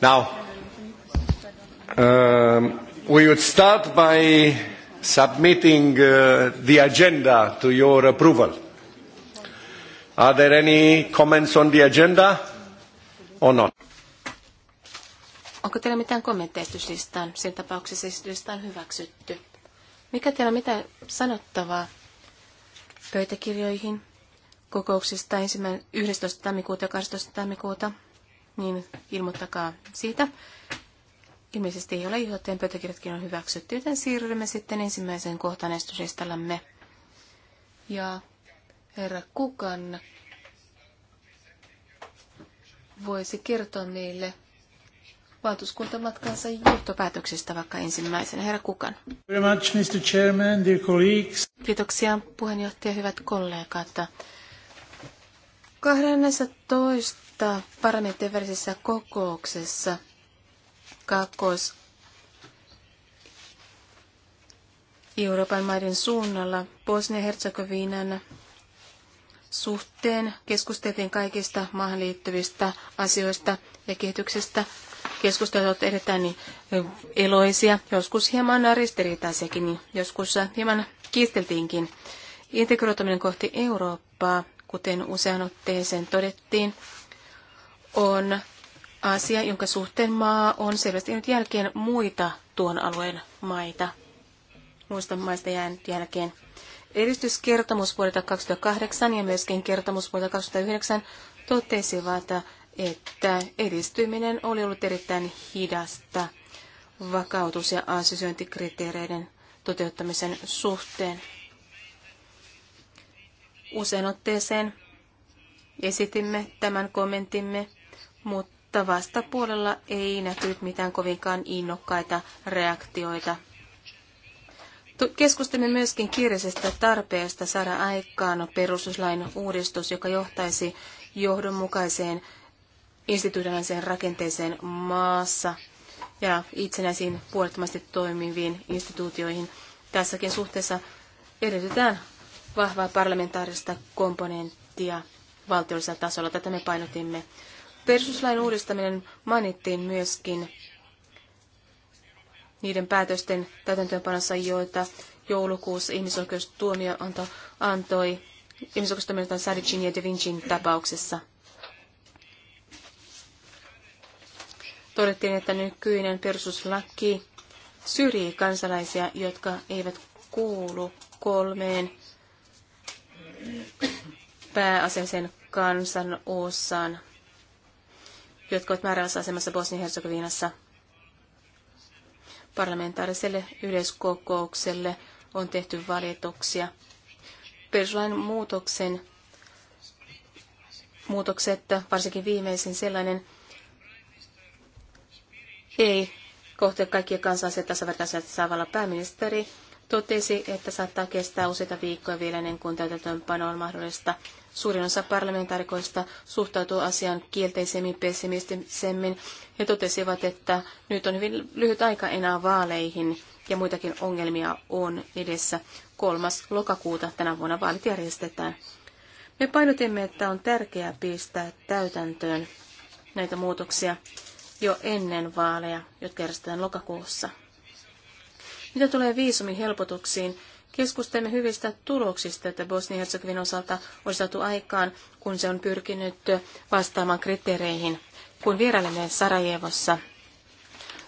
Now, um, we would start by submitting uh, the agenda to your approval. Are there any comments on the agenda or not? Onko teillä mitään kommentteja esityslistaan? Sen tapauksessa esityslista on hyväksytty. Mikä teillä on mitään sanottavaa pöytäkirjoihin kokouksista 11. tammikuuta ja 12. tammikuuta? niin ilmoittakaa siitä. Ilmeisesti ei ole, joten pöytäkirjatkin on hyväksytty, joten siirrymme sitten ensimmäiseen kohtaan estyslistallamme. Ja herra Kukan voisi kertoa meille valtuuskuntamatkansa johtopäätöksistä vaikka ensimmäisenä. Herra Kukan. Very much, Mr. Chairman, dear colleagues. Kiitoksia puheenjohtaja, hyvät kollegat. 12 että parlamentin välisessä kokouksessa Kaakkois Euroopan maiden suunnalla Bosnia-Herzegovinan suhteen keskusteltiin kaikista maahan liittyvistä asioista ja kehityksestä. Keskustelut ovat erittäin niin eloisia, joskus hieman ristiriitaisiakin, niin joskus hieman kiisteltiinkin. Integroituminen kohti Eurooppaa, kuten usean otteeseen todettiin, on asia, jonka suhteen maa on selvästi nyt jälkeen muita tuon alueen maita. Muista maista jäänyt jälkeen. Edistyskertomus vuodelta 2008 ja myöskin kertomus vuodelta 2009 totesivat, että edistyminen oli ollut erittäin hidasta vakautus- ja asysyöntikriteereiden toteuttamisen suhteen. Usein otteeseen esitimme tämän kommentimme mutta vastapuolella ei näkynyt mitään kovinkaan innokkaita reaktioita. Keskustelimme myöskin kiireisestä tarpeesta saada aikaan perustuslain uudistus, joka johtaisi johdonmukaiseen instituutionaaliseen rakenteeseen maassa ja itsenäisiin puolettomasti toimiviin instituutioihin. Tässäkin suhteessa edellytetään vahvaa parlamentaarista komponenttia valtiollisella tasolla. Tätä me painotimme. Perustuslain uudistaminen mainittiin myöskin niiden päätösten täytäntöönpanossa, joita joulukuussa ihmisoikeustuomio antoi, antoi Sadicin ja Da Vincin tapauksessa. Todettiin, että nykyinen perustuslaki syrjii kansalaisia, jotka eivät kuulu kolmeen pääasiallisen kansan osaan jotka ovat määräävässä asemassa Bosnia-Herzegovinassa. Parlamentaariselle yleiskokoukselle on tehty valituksia. Peruslain muutoksen muutokset, varsinkin viimeisin sellainen, ei kohte kaikkia kansalaisia tasavertaisella tavalla. Pääministeri totesi, että saattaa kestää useita viikkoja vielä ennen kuin täytäntöönpano on mahdollista. Suurin osa parlamentaarikoista suhtautuu asian kielteisemmin, pessimistisemmin ja totesivat, että nyt on hyvin lyhyt aika enää vaaleihin ja muitakin ongelmia on edessä. Kolmas lokakuuta tänä vuonna vaalit järjestetään. Me painotimme, että on tärkeää pistää täytäntöön näitä muutoksia jo ennen vaaleja, jotka järjestetään lokakuussa. Mitä tulee viisumin helpotuksiin, keskustelemme hyvistä tuloksista, että Bosnia-Herzegovin osalta on saatu aikaan, kun se on pyrkinyt vastaamaan kriteereihin, kun vierailimme Sarajevossa.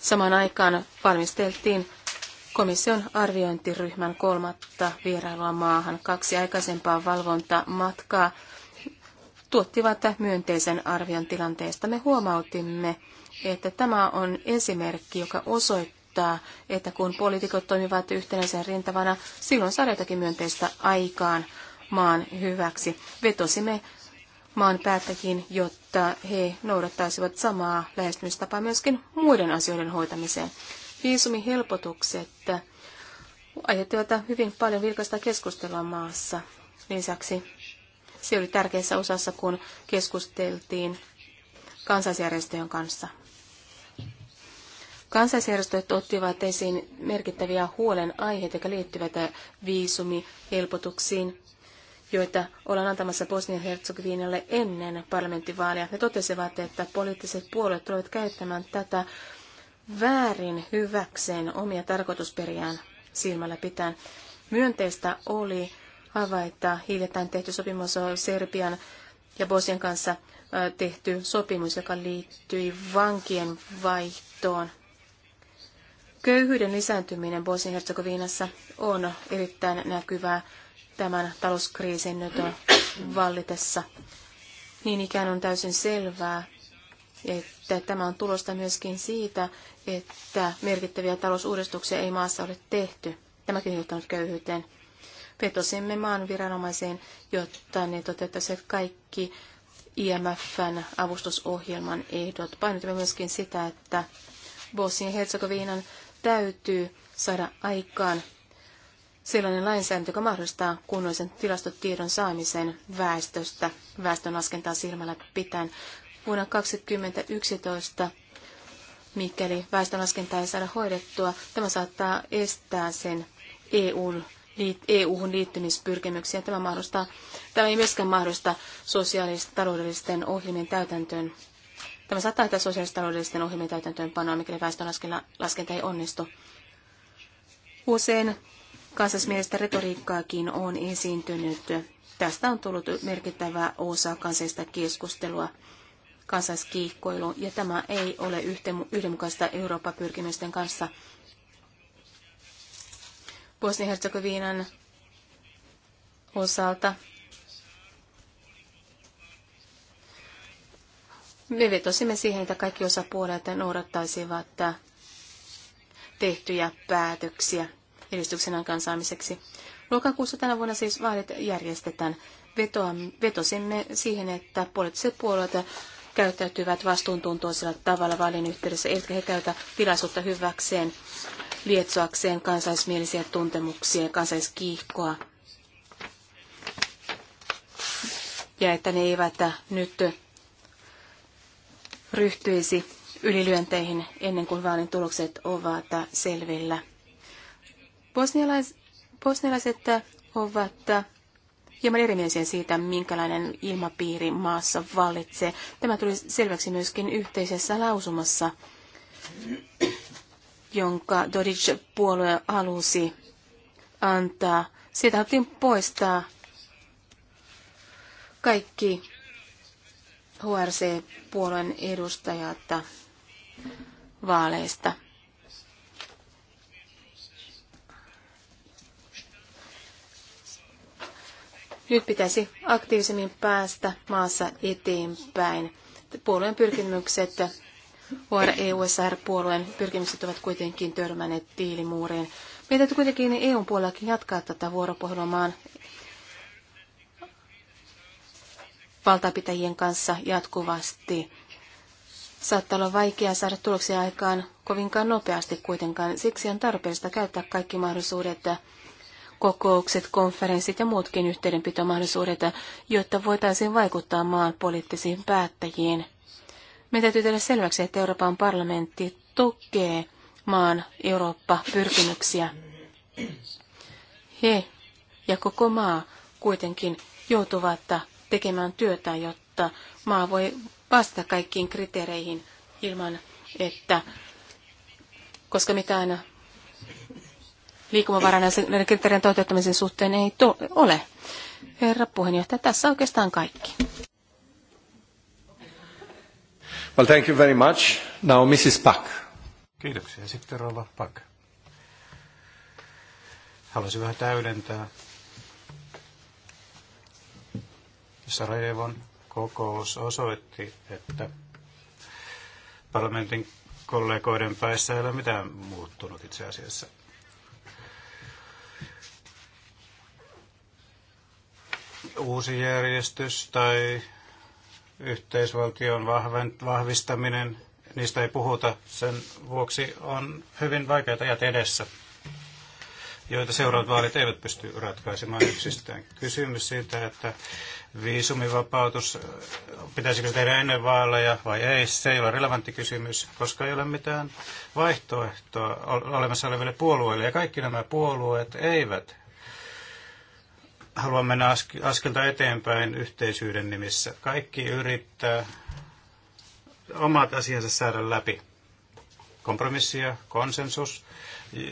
Samaan aikaan valmisteltiin komission arviointiryhmän kolmatta vierailua maahan. Kaksi aikaisempaa valvontamatkaa tuottivat myönteisen arvion tilanteesta. Me huomautimme, että tämä on esimerkki, joka osoittaa, osoittaa, että kun poliitikot toimivat yhtenäisen rintavana, silloin saa jotakin myönteistä aikaan maan hyväksi. Vetosimme maan päättäkin, jotta he noudattaisivat samaa lähestymistapaa myöskin muiden asioiden hoitamiseen. Viisumihelpotukset aiheuttivat hyvin paljon vilkaista keskustelua maassa. Lisäksi se oli tärkeässä osassa, kun keskusteltiin kansaisjärjestöjen kanssa. Kansaisjärjestöt ottivat esiin merkittäviä huolenaiheita, jotka liittyvät viisumihelpotuksiin, joita ollaan antamassa Bosnia-Herzegovinalle ennen parlamenttivaaleja. Ne totesivat, että poliittiset puolueet tulevat käyttämään tätä väärin hyväkseen omia tarkoitusperiään silmällä pitäen. Myönteistä oli havaita hiljattain tehty sopimus Serbian ja Bosnian kanssa tehty sopimus, joka liittyi vankien vaihtoon. Köyhyyden lisääntyminen Bosnia-Herzegovinassa on erittäin näkyvää tämän talouskriisin nyt vallitessa. Niin ikään on täysin selvää, että tämä on tulosta myöskin siitä, että merkittäviä talousuudistuksia ei maassa ole tehty. Tämäkin johtanut köyhyyteen. Vetosimme maan viranomaiseen, jotta ne toteuttaisivat kaikki IMFn avustusohjelman ehdot. Painotimme myöskin sitä, että Bosnian Herzegovinan täytyy saada aikaan sellainen lainsäädäntö, joka mahdollistaa kunnollisen tilastotiedon saamisen väestöstä, väestön laskentaa silmällä pitäen. Vuonna 2011, mikäli väestönlaskentaa ei saada hoidettua, tämä saattaa estää sen EUn EU-hun liittymispyrkimyksiä. Tämä, mahdollistaa, tämä ei myöskään mahdollista sosiaalisten taloudellisten ohjelmien täytäntöön Tämä saattaa haittaa sosiaalistaloudellisten ohjelmien täytäntöönpanoa, mikäli väestönlaskenta ei onnistu. Usein kansallismielistä retoriikkaakin on esiintynyt. Tästä on tullut merkittävä osa kansallista keskustelua, kansalliskiihkoilu, ja tämä ei ole yhdenmukaista Euroopan pyrkimysten kanssa. Bosnia-Herzegovinan osalta Me vetosimme siihen, että kaikki osapuolet noudattaisivat tehtyjä päätöksiä edistyksen aikaansaamiseksi. Lokakuussa tänä vuonna siis vaalit järjestetään. vetosimme siihen, että poliittiset puolueet käyttäytyvät vastuuntuntoisella tavalla vaalin yhteydessä, eivätkä he käytä tilaisuutta hyväkseen lietsoakseen kansallismielisiä tuntemuksia ja kansalliskiihkoa. Ja että ne eivät nyt ryhtyisi ylilyönteihin ennen kuin vaalin tulokset ovat selvillä. Bosnialais, bosnialaiset ovat hieman erimielisiä siitä, minkälainen ilmapiiri maassa vallitsee. Tämä tuli selväksi myöskin yhteisessä lausumassa, jonka Dodic-puolue halusi antaa. Siitä haluttiin poistaa kaikki hrc puolen edustajat vaaleista. Nyt pitäisi aktiivisemmin päästä maassa eteenpäin. Puolueen pyrkimykset, eusr e puolueen pyrkimykset ovat kuitenkin törmänneet tiilimuuriin. Meidän täytyy kuitenkin EUn puolellakin jatkaa tätä vuoropuhelua maan valtapitäjien kanssa jatkuvasti. Saattaa olla vaikeaa saada tuloksia aikaan kovinkaan nopeasti kuitenkaan. Siksi on tarpeellista käyttää kaikki mahdollisuudet, kokoukset, konferenssit ja muutkin yhteydenpitomahdollisuudet, jotta voitaisiin vaikuttaa maan poliittisiin päättäjiin. Meidän täytyy tehdä selväksi, että Euroopan parlamentti tukee maan Eurooppa-pyrkimyksiä. He ja koko maa kuitenkin joutuvat tekemään työtä, jotta maa voi vastata kaikkiin kriteereihin ilman, että koska mitään liikumavaraa näiden kriteerien toteuttamisen suhteen ei to- ole. Herra puheenjohtaja, tässä oikeastaan kaikki. Well, thank you very much. Now Mrs. Pak. Kiitoksia. Sitten rouva Pak. Haluaisin vähän täydentää Sarajevon kokous osoitti, että parlamentin kollegoiden päässä ei ole mitään muuttunut itse asiassa. Uusi järjestys tai yhteisvaltion vahvistaminen, niistä ei puhuta. Sen vuoksi on hyvin vaikeita ajat edessä joita seuraavat vaalit eivät pysty ratkaisemaan yksistään. Kysymys siitä, että viisumivapautus, pitäisikö se tehdä ennen vaaleja vai ei, se ei ole relevantti kysymys, koska ei ole mitään vaihtoehtoa olemassa oleville puolueille. Ja kaikki nämä puolueet eivät halua mennä askelta eteenpäin yhteisyyden nimissä. Kaikki yrittää omat asiansa saada läpi. kompromissia, konsensus,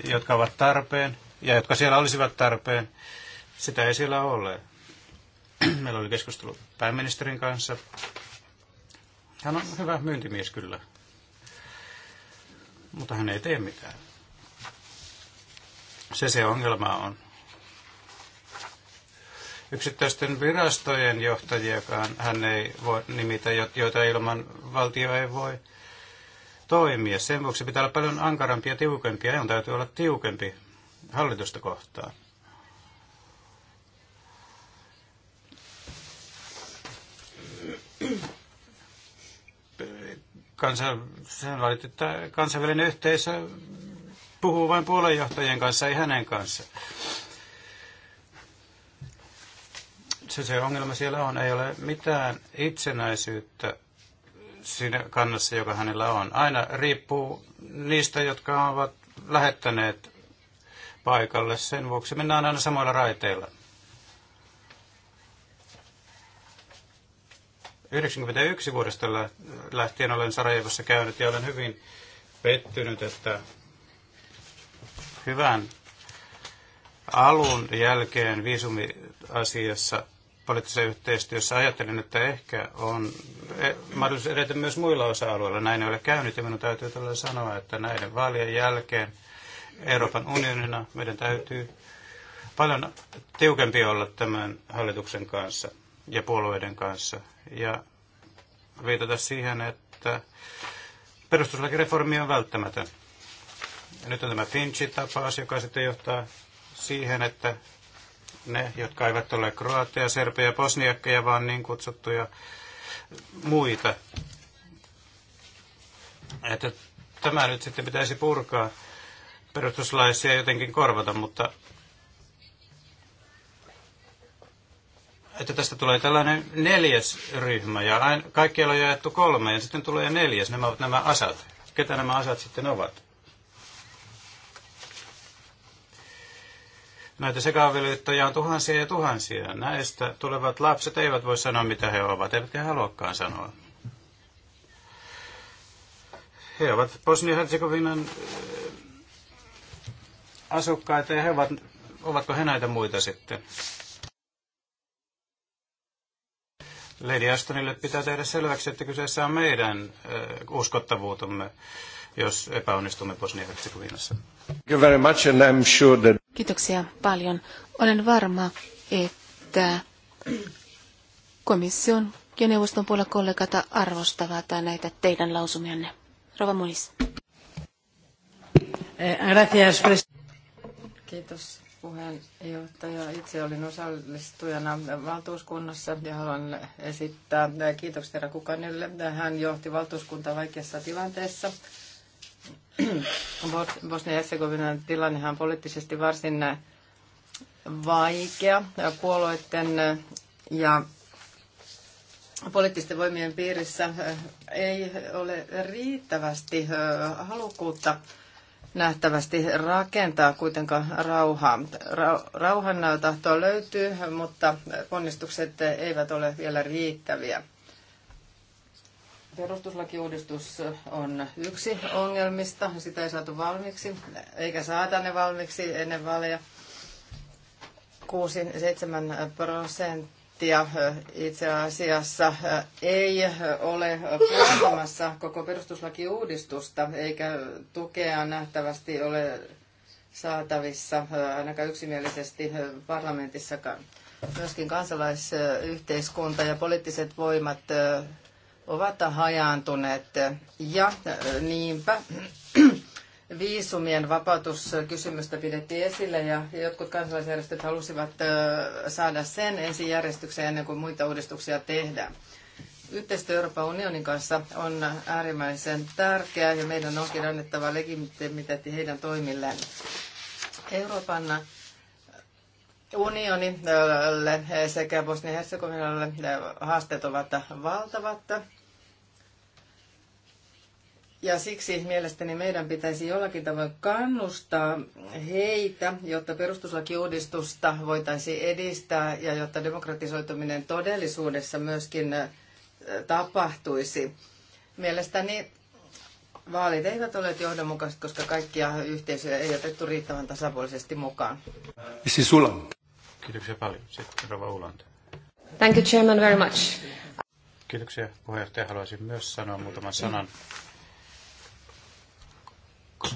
jotka ovat tarpeen, ja jotka siellä olisivat tarpeen, sitä ei siellä ole. Meillä oli keskustelu pääministerin kanssa. Hän on hyvä myyntimies kyllä, mutta hän ei tee mitään. Se se ongelma on. Yksittäisten virastojen johtajiakaan hän ei voi nimitä, joita ilman valtio ei voi toimia. Sen vuoksi pitää olla paljon ankarampia ja tiukempia. on täytyy olla tiukempi hallitusta kohtaan. kansainvälinen yhteisö puhuu vain puolenjohtajien kanssa, ei hänen kanssa. Se, se ongelma siellä on, ei ole mitään itsenäisyyttä siinä kannassa, joka hänellä on. Aina riippuu niistä, jotka ovat lähettäneet paikalle. Sen vuoksi mennään aina samoilla raiteilla. 91 vuodesta lähtien olen Sarajevossa käynyt ja olen hyvin pettynyt, että hyvän alun jälkeen viisumiasiassa poliittisessa yhteistyössä ajattelin, että ehkä on e, mahdollisuus edetä myös muilla osa-alueilla. Näin ei ole käynyt ja minun täytyy tällä sanoa, että näiden vaalien jälkeen – Euroopan unionina meidän täytyy paljon tiukempi olla tämän hallituksen kanssa ja puolueiden kanssa ja viitata siihen, että perustuslakireformi on välttämätön. Ja nyt on tämä Finchi-tapaus, joka sitten johtaa siihen, että ne, jotka eivät ole kroateja, serpejä, bosniakkeja, vaan niin kutsuttuja muita. Että tämä nyt sitten pitäisi purkaa perustuslaisia jotenkin korvata, mutta että tästä tulee tällainen neljäs ryhmä ja aina, kaikkialla on jaettu kolme ja sitten tulee neljäs. Nämä ovat nämä asat. Ketä nämä asat sitten ovat? Näitä sekaavilyyttäjä on tuhansia ja tuhansia. Näistä tulevat lapset eivät voi sanoa, mitä he ovat, eivätkä haluakaan sanoa. He ovat Bosnia-Herzegovinan asukkaita ja he ovat, ovatko he näitä muita sitten? Lady Astonille pitää tehdä selväksi, että kyseessä on meidän uh, uskottavuutemme, jos epäonnistumme Bosnia-Herzegovinassa. Sure that... Kiitoksia paljon. Olen varma, että komission ja neuvoston puolella kollegat arvostavat näitä teidän lausumianne. Rova Munis. Eh, Kiitos puheenjohtaja. Itse olin osallistujana valtuuskunnassa ja haluan esittää kiitokset herra Kukanille. Hän johti valtuuskuntaa vaikeassa tilanteessa. bosnia herzegovina tilannehan on poliittisesti varsin vaikea. Puolueiden ja poliittisten voimien piirissä ei ole riittävästi halukkuutta nähtävästi rakentaa kuitenkaan rauhaa. Rauhan tahtoa löytyy, mutta ponnistukset eivät ole vielä riittäviä. Perustuslakiuudistus on yksi ongelmista. Sitä ei saatu valmiiksi, eikä saata ne valmiiksi ennen vaaleja. 6-7 prosenttia prosenttia itse asiassa ei ole puoltamassa koko perustuslakiuudistusta, eikä tukea nähtävästi ole saatavissa ainakaan yksimielisesti parlamentissakaan. Myöskin kansalaisyhteiskunta ja poliittiset voimat ovat hajaantuneet ja niinpä viisumien vapautuskysymystä pidettiin esille ja jotkut kansalaisjärjestöt halusivat saada sen ensin järjestykseen ennen kuin muita uudistuksia tehdään. Yhteistyö Euroopan unionin kanssa on äärimmäisen tärkeää ja meidän onkin annettava legitimiteetti heidän toimilleen. Euroopan unionille sekä Bosnia-Herzegovinalle haasteet ovat valtavat ja siksi mielestäni meidän pitäisi jollakin tavoin kannustaa heitä, jotta perustuslakiuudistusta voitaisiin edistää ja jotta demokratisoituminen todellisuudessa myöskin tapahtuisi. Mielestäni vaalit eivät ole johdonmukaiset, koska kaikkia yhteisöjä ei otettu riittävän tasapuolisesti mukaan. Kiitoksia paljon. Sitten Rova Uland. Thank you, Chairman, very much. Kiitoksia puheenjohtaja. Haluaisin myös sanoa muutaman sanan. Mm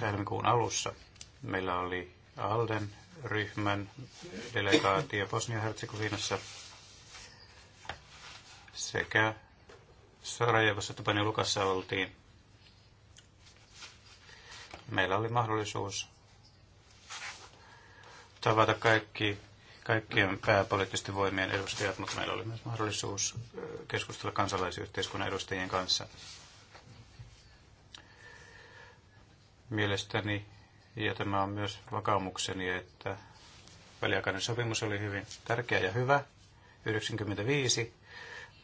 helmikuun alussa meillä oli Alden ryhmän delegaatio Bosnia-Herzegovinassa sekä Sarajevossa Tupani Lukassa oltiin. Meillä oli mahdollisuus tavata kaikki, kaikkien pääpoliittisten voimien edustajat, mutta meillä oli myös mahdollisuus keskustella kansalaisyhteiskunnan edustajien kanssa mielestäni, ja tämä on myös vakaumukseni, että väliaikainen sopimus oli hyvin tärkeä ja hyvä, 95,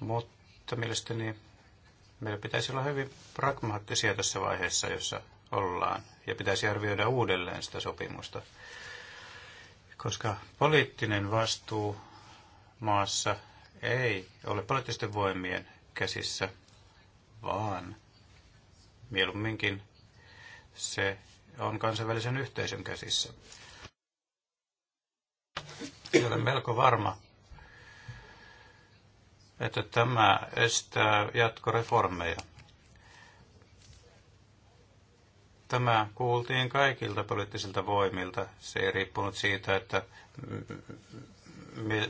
mutta mielestäni meillä pitäisi olla hyvin pragmaattisia tässä vaiheessa, jossa ollaan, ja pitäisi arvioida uudelleen sitä sopimusta, koska poliittinen vastuu maassa ei ole poliittisten voimien käsissä, vaan mieluumminkin se on kansainvälisen yhteisön käsissä. Olen melko varma, että tämä estää jatkoreformeja. Tämä kuultiin kaikilta poliittisilta voimilta. Se ei riippunut siitä, että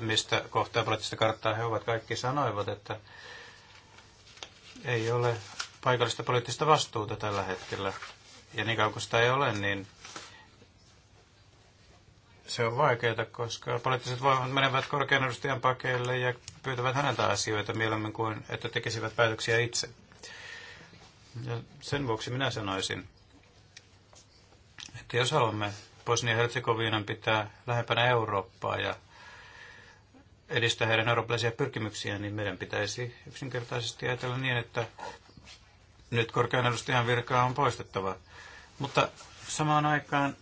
mistä kohtaa poliittista karttaa he ovat. Kaikki sanoivat, että ei ole paikallista poliittista vastuuta tällä hetkellä ja niin kauan kuin sitä ei ole, niin se on vaikeaa, koska poliittiset voimat menevät korkean edustajan pakeille ja pyytävät häneltä asioita mieluummin kuin, että tekisivät päätöksiä itse. Ja sen vuoksi minä sanoisin, että jos haluamme Bosnia-Herzegovinan pitää lähempänä Eurooppaa ja edistää heidän eurooppalaisia pyrkimyksiä, niin meidän pitäisi yksinkertaisesti ajatella niin, että nyt korkean edustajan virkaa on poistettava. Mutta samaan aikaan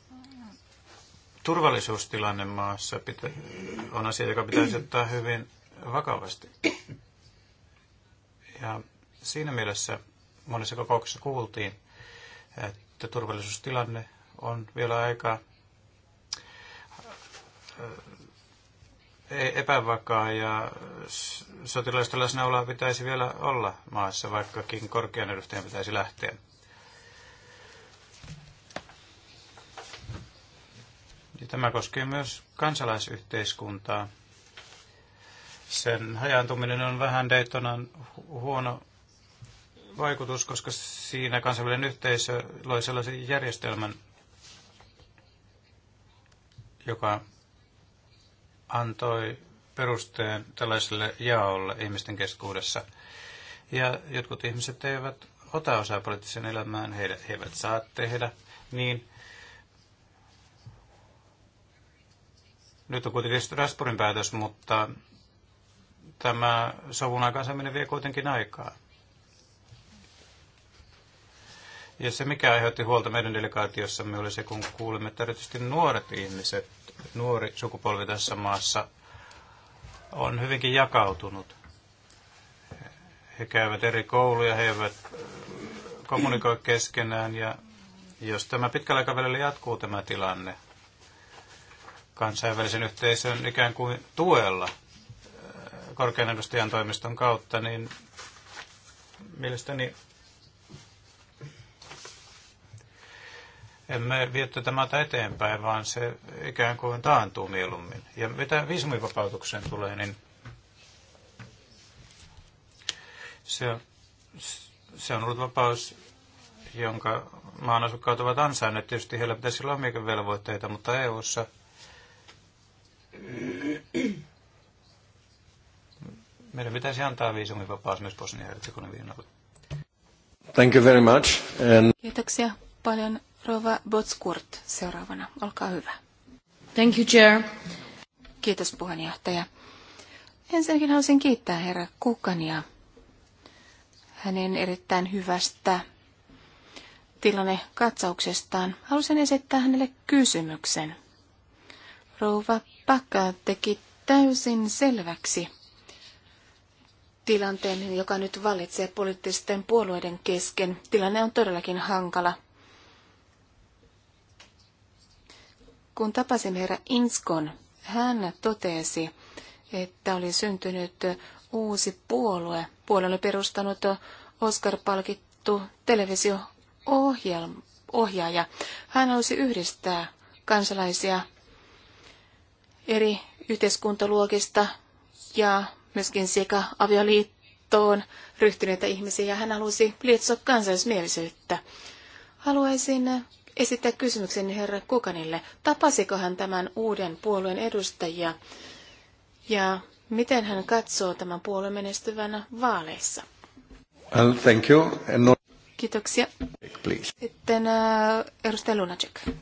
turvallisuustilanne maassa pitä, on asia, joka pitäisi ottaa hyvin vakavasti. Ja siinä mielessä monissa kokouksissa kuultiin, että turvallisuustilanne on vielä aika epävakaa ja sotilaista läsnäoloa pitäisi vielä olla maassa, vaikkakin korkean edustajan pitäisi lähteä. Ja tämä koskee myös kansalaisyhteiskuntaa. Sen hajaantuminen on vähän Daytonan huono vaikutus, koska siinä kansainvälinen yhteisö loi sellaisen järjestelmän, joka antoi perusteen tällaiselle jaolle ihmisten keskuudessa. Ja jotkut ihmiset eivät ota osaa poliittiseen elämään, he eivät saa tehdä, niin nyt on kuitenkin Strasbourgin päätös, mutta tämä sovun aikaansaaminen vie kuitenkin aikaa. Ja se, mikä aiheutti huolta meidän delegaatiossamme, oli se, kun kuulimme, että erityisesti nuoret ihmiset nuori sukupolvi tässä maassa on hyvinkin jakautunut. He käyvät eri kouluja, he eivät äh, kommunikoi keskenään ja jos tämä pitkällä aikavälillä jatkuu tämä tilanne kansainvälisen yhteisön ikään kuin tuella äh, korkean edustajan toimiston kautta, niin mielestäni emme vie tätä maata eteenpäin, vaan se ikään kuin taantuu mieluummin. Ja mitä viisumivapautukseen tulee, niin se, se on ollut vapaus, jonka maan asukkaat ovat ansainneet. Tietysti heillä pitäisi olla omiakin velvoitteita, mutta EU-ssa meidän pitäisi antaa viisumivapaus myös Bosnia-Herzegovinalle. Thank you very much. And... Kiitoksia paljon Rova Botskurt seuraavana. Olkaa hyvä. Thank you, Chair. Kiitos puheenjohtaja. Ensinnäkin haluaisin kiittää herra Kukania hänen erittäin hyvästä tilannekatsauksestaan. Haluaisin esittää hänelle kysymyksen. Rouva Pakka teki täysin selväksi tilanteen, joka nyt vallitsee poliittisten puolueiden kesken. Tilanne on todellakin hankala. Kun tapasimme herra Inskon, hän totesi, että oli syntynyt uusi puolue. Puolue oli perustanut Oscar-palkittu televisio-ohjaaja. Hän halusi yhdistää kansalaisia eri yhteiskuntaluokista ja myöskin sekä avioliittoon ryhtyneitä ihmisiä. Hän halusi lietsoa kansallismielisyyttä. Haluaisin esittää kysymyksen herra Kukanille. Tapasiko hän tämän uuden puolueen edustajia ja miten hän katsoo tämän puolueen menestyvänä vaaleissa? Well, thank you. No... Kiitoksia. Please. Sitten uh, edustaja Lunacek. Uh,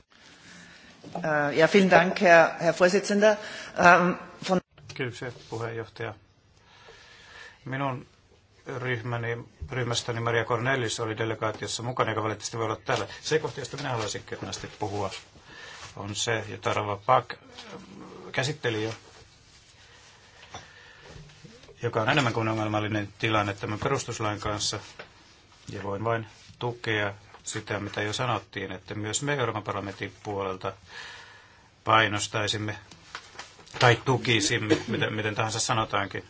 ja vielen Dank, Herr, Herr Vorsitzender. Um, von... Kiitoksia, puheenjohtaja. Minun ryhmäni, ryhmästäni Maria Cornelis oli delegaatiossa mukana, joka valitettavasti voi olla täällä. Se kohta, josta minä haluaisin kertomasti puhua, on se, jota Rava Pak ähm, käsitteli jo, joka on enemmän kuin ongelmallinen tilanne tämän perustuslain kanssa. Ja voin vain tukea sitä, mitä jo sanottiin, että myös me Euroopan parlamentin puolelta painostaisimme tai tukisimme, miten, miten tahansa sanotaankin,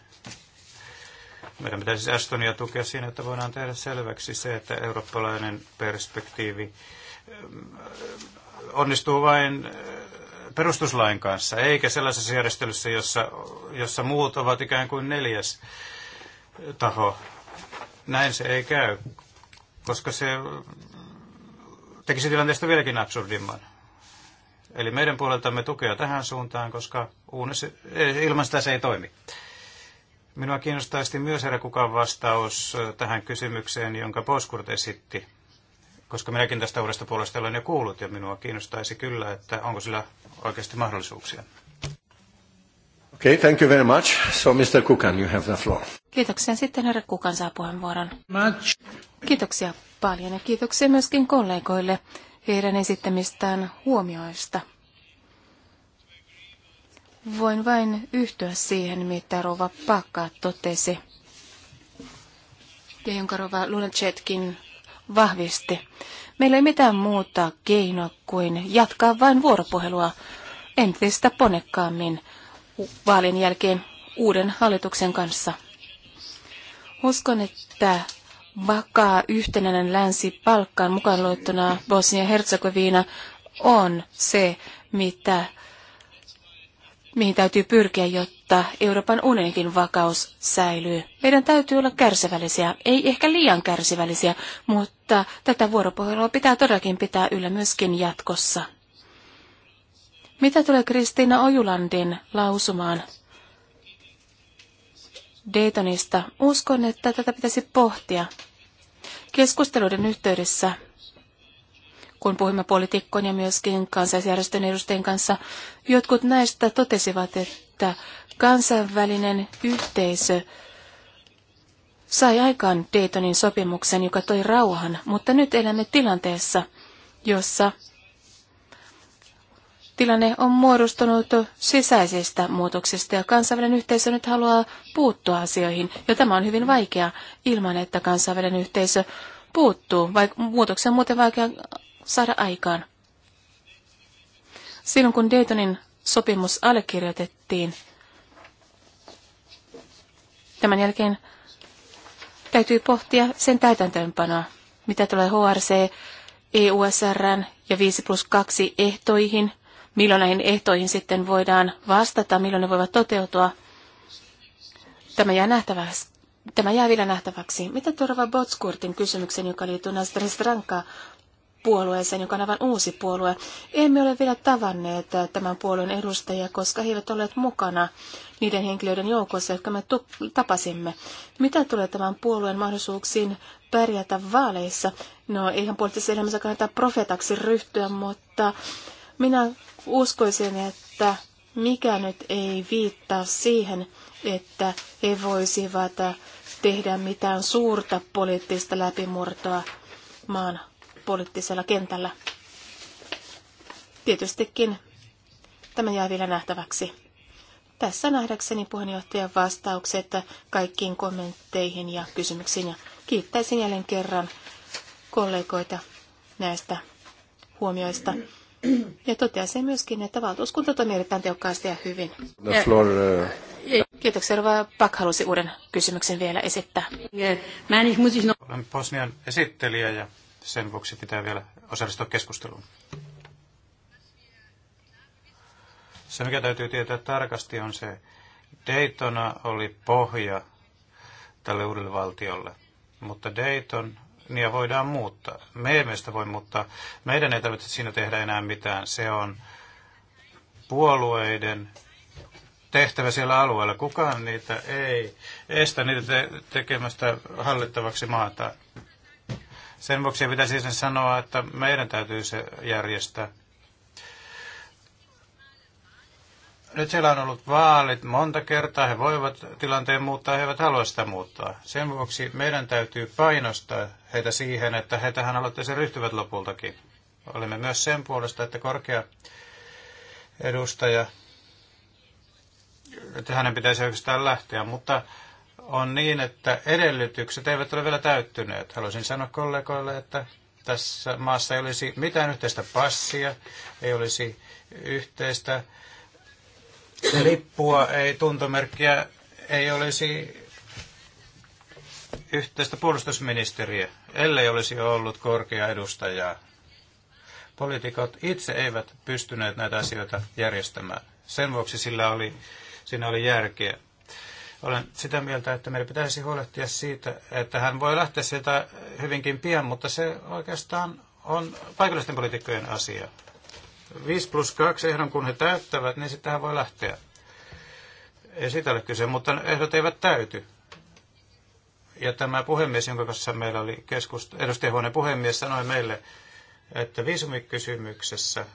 meidän pitäisi Estonia tukea siinä, että voidaan tehdä selväksi se, että eurooppalainen perspektiivi ähm, onnistuu vain äh, perustuslain kanssa, eikä sellaisessa järjestelyssä, jossa, jossa muut ovat ikään kuin neljäs taho. Näin se ei käy, koska se äh, tekisi tilanteesta vieläkin absurdimman. Eli meidän puoleltamme tukea tähän suuntaan, koska ilman sitä se ei toimi. Minua kiinnostaisi myös herra kukaan vastaus tähän kysymykseen, jonka Poskurt esitti, koska minäkin tästä uudesta puolesta olen jo kuullut ja minua kiinnostaisi kyllä, että onko sillä oikeasti mahdollisuuksia. Okay, thank you very much. So Mr. Kukan, you have the floor. Kiitoksia. Sitten herra Kukan saa puheenvuoron. Much. Kiitoksia paljon ja kiitoksia myöskin kollegoille heidän esittämistään huomioista. Voin vain yhtyä siihen, mitä Rova Pakka totesi ja jonka Rova Lunachetkin vahvisti. Meillä ei mitään muuta keinoa kuin jatkaa vain vuoropuhelua entistä ponekkaammin vaalin jälkeen uuden hallituksen kanssa. Uskon, että vakaa yhtenäinen länsi Palkkaan mukaan luettuna Bosnia-Herzegovina on se, mitä mihin täytyy pyrkiä, jotta Euroopan unenkin vakaus säilyy. Meidän täytyy olla kärsivällisiä, ei ehkä liian kärsivällisiä, mutta tätä vuoropuhelua pitää todellakin pitää yllä myöskin jatkossa. Mitä tulee Kristiina Ojulandin lausumaan Daytonista? Uskon, että tätä pitäisi pohtia. Keskusteluiden yhteydessä kun puhuimme poliitikkojen ja myöskin kansaisjärjestön edustajien kanssa, jotkut näistä totesivat, että kansainvälinen yhteisö sai aikaan Daytonin sopimuksen, joka toi rauhan, mutta nyt elämme tilanteessa, jossa tilanne on muodostunut sisäisistä muutoksista ja kansainvälinen yhteisö nyt haluaa puuttua asioihin. Ja tämä on hyvin vaikea ilman, että kansainvälinen yhteisö puuttuu. Vai, muutoksen muuten vaikea saada aikaan. Silloin kun Daytonin sopimus allekirjoitettiin, tämän jälkeen täytyy pohtia sen täytäntöönpanoa, mitä tulee HRC, EUSR ja 5 plus 2 ehtoihin, milloin näihin ehtoihin sitten voidaan vastata, milloin ne voivat toteutua. Tämä jää nähtäväksi. Tämä jää vielä nähtäväksi. Mitä Torva Botskurtin kysymyksen, joka liittyy Nastris Ranka puolueeseen, joka on aivan uusi puolue. Emme ole vielä tavanneet tämän puolueen edustajia, koska he eivät olleet mukana niiden henkilöiden joukossa, jotka me tapasimme. Mitä tulee tämän puolueen mahdollisuuksiin pärjätä vaaleissa? No, eihän poliittisessa elämässä kannata profetaksi ryhtyä, mutta minä uskoisin, että mikä nyt ei viittaa siihen, että he voisivat tehdä mitään suurta poliittista läpimurtoa maan poliittisella kentällä. Tietystikin tämä jää vielä nähtäväksi. Tässä nähdäkseni puheenjohtajan vastaukset kaikkiin kommentteihin ja kysymyksiin. Ja kiittäisin jälleen kerran kollegoita näistä huomioista. Ja toteaisin myöskin, että valtuuskunta toimii erittäin tehokkaasti ja hyvin. The floor, uh... Kiitoksia. Rova Pak halusi uuden kysymyksen vielä esittää. Mä en Bosnian esittelijä ja sen vuoksi pitää vielä osallistua keskusteluun. Se, mikä täytyy tietää tarkasti, on se, Daytona oli pohja tälle uudelle valtiolle, mutta Dayton niin voidaan muuttaa. Me emme sitä voi muuttaa. Meidän ei tarvitse siinä tehdä enää mitään. Se on puolueiden tehtävä siellä alueella. Kukaan niitä ei estä niitä te- tekemästä hallittavaksi maata. Sen vuoksi pitäisi siis sanoa, että meidän täytyy se järjestää. Nyt siellä on ollut vaalit monta kertaa, he voivat tilanteen muuttaa, he eivät halua sitä muuttaa. Sen vuoksi meidän täytyy painostaa heitä siihen, että he tähän aloitteeseen ryhtyvät lopultakin. Olemme myös sen puolesta, että korkea edustaja, että hänen pitäisi oikeastaan lähteä, mutta on niin, että edellytykset eivät ole vielä täyttyneet. Haluaisin sanoa kollegoille, että tässä maassa ei olisi mitään yhteistä passia, ei olisi yhteistä lippua, ei tuntomerkkiä, ei olisi yhteistä puolustusministeriä, ellei olisi ollut korkea edustajaa. Poliitikot itse eivät pystyneet näitä asioita järjestämään. Sen vuoksi sillä oli, siinä oli järkeä. Olen sitä mieltä, että meidän pitäisi huolehtia siitä, että hän voi lähteä sieltä hyvinkin pian, mutta se oikeastaan on paikallisten poliitikkojen asia. 5 plus 2 ehdon, kun he täyttävät, niin sitten hän voi lähteä. Ei siitä ole kyse, mutta ehdot eivät täyty. Ja tämä puhemies, jonka kanssa meillä oli keskustelu, edustajahuoneen puhemies, sanoi meille, että viisumikysymyksessä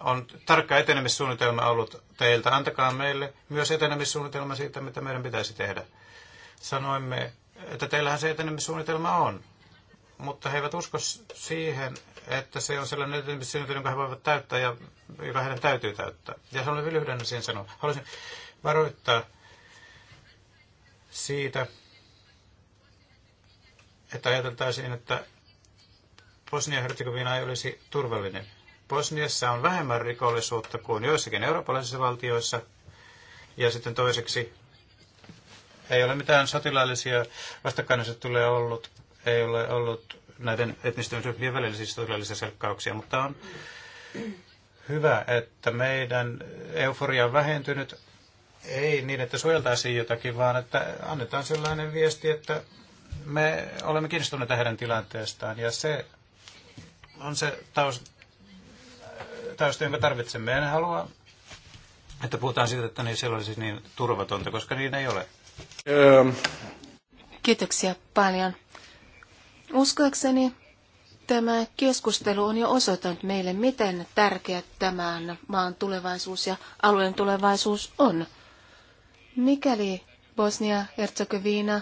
on tarkka etenemissuunnitelma ollut teiltä. Antakaa meille myös etenemissuunnitelma siitä, mitä meidän pitäisi tehdä. Sanoimme, että teillähän se etenemissuunnitelma on, mutta he eivät usko siihen, että se on sellainen etenemissuunnitelma, jonka he voivat täyttää ja joka heidän täytyy täyttää. Ja se oli lyhyen sen sanoa. Haluaisin varoittaa siitä, että ajateltaisiin, että Bosnia-Herzegovina ei olisi turvallinen Bosniassa on vähemmän rikollisuutta kuin joissakin eurooppalaisissa valtioissa. Ja sitten toiseksi ei ole mitään sotilaallisia vastakkainasetteluja ollut, ei ole ollut näiden etnisten ryhmien välillisiä siis sotilaallisia selkkauksia, mutta on hyvä, että meidän euforia on vähentynyt. Ei niin, että suojeltaisiin jotakin, vaan että annetaan sellainen viesti, että me olemme kiinnostuneita heidän tilanteestaan. Ja se on se taust, vertausta, jonka tarvitsemme. En halua, että puhutaan siitä, että niin siellä olisi niin turvatonta, koska niin ei ole. Öö. Kiitoksia paljon. Uskoakseni tämä keskustelu on jo osoittanut meille, miten tärkeä tämän maan tulevaisuus ja alueen tulevaisuus on. Mikäli Bosnia-Herzegovina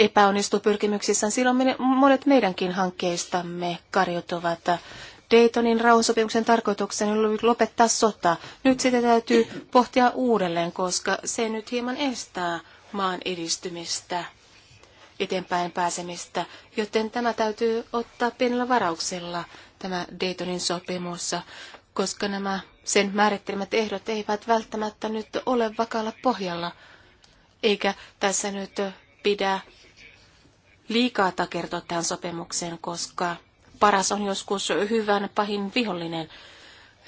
epäonnistuu pyrkimyksissään, silloin monet meidänkin hankkeistamme karjotuvat. Daytonin rauhansopimuksen tarkoituksena oli lopettaa sota. Nyt sitä täytyy pohtia uudelleen, koska se nyt hieman estää maan edistymistä, eteenpäin pääsemistä, joten tämä täytyy ottaa pienellä varauksella, tämä Daytonin sopimus, koska nämä sen määrittelemät ehdot eivät välttämättä nyt ole vakalla pohjalla, eikä tässä nyt pidä liikaa takertua tähän sopimukseen, koska paras on joskus hyvän pahin vihollinen.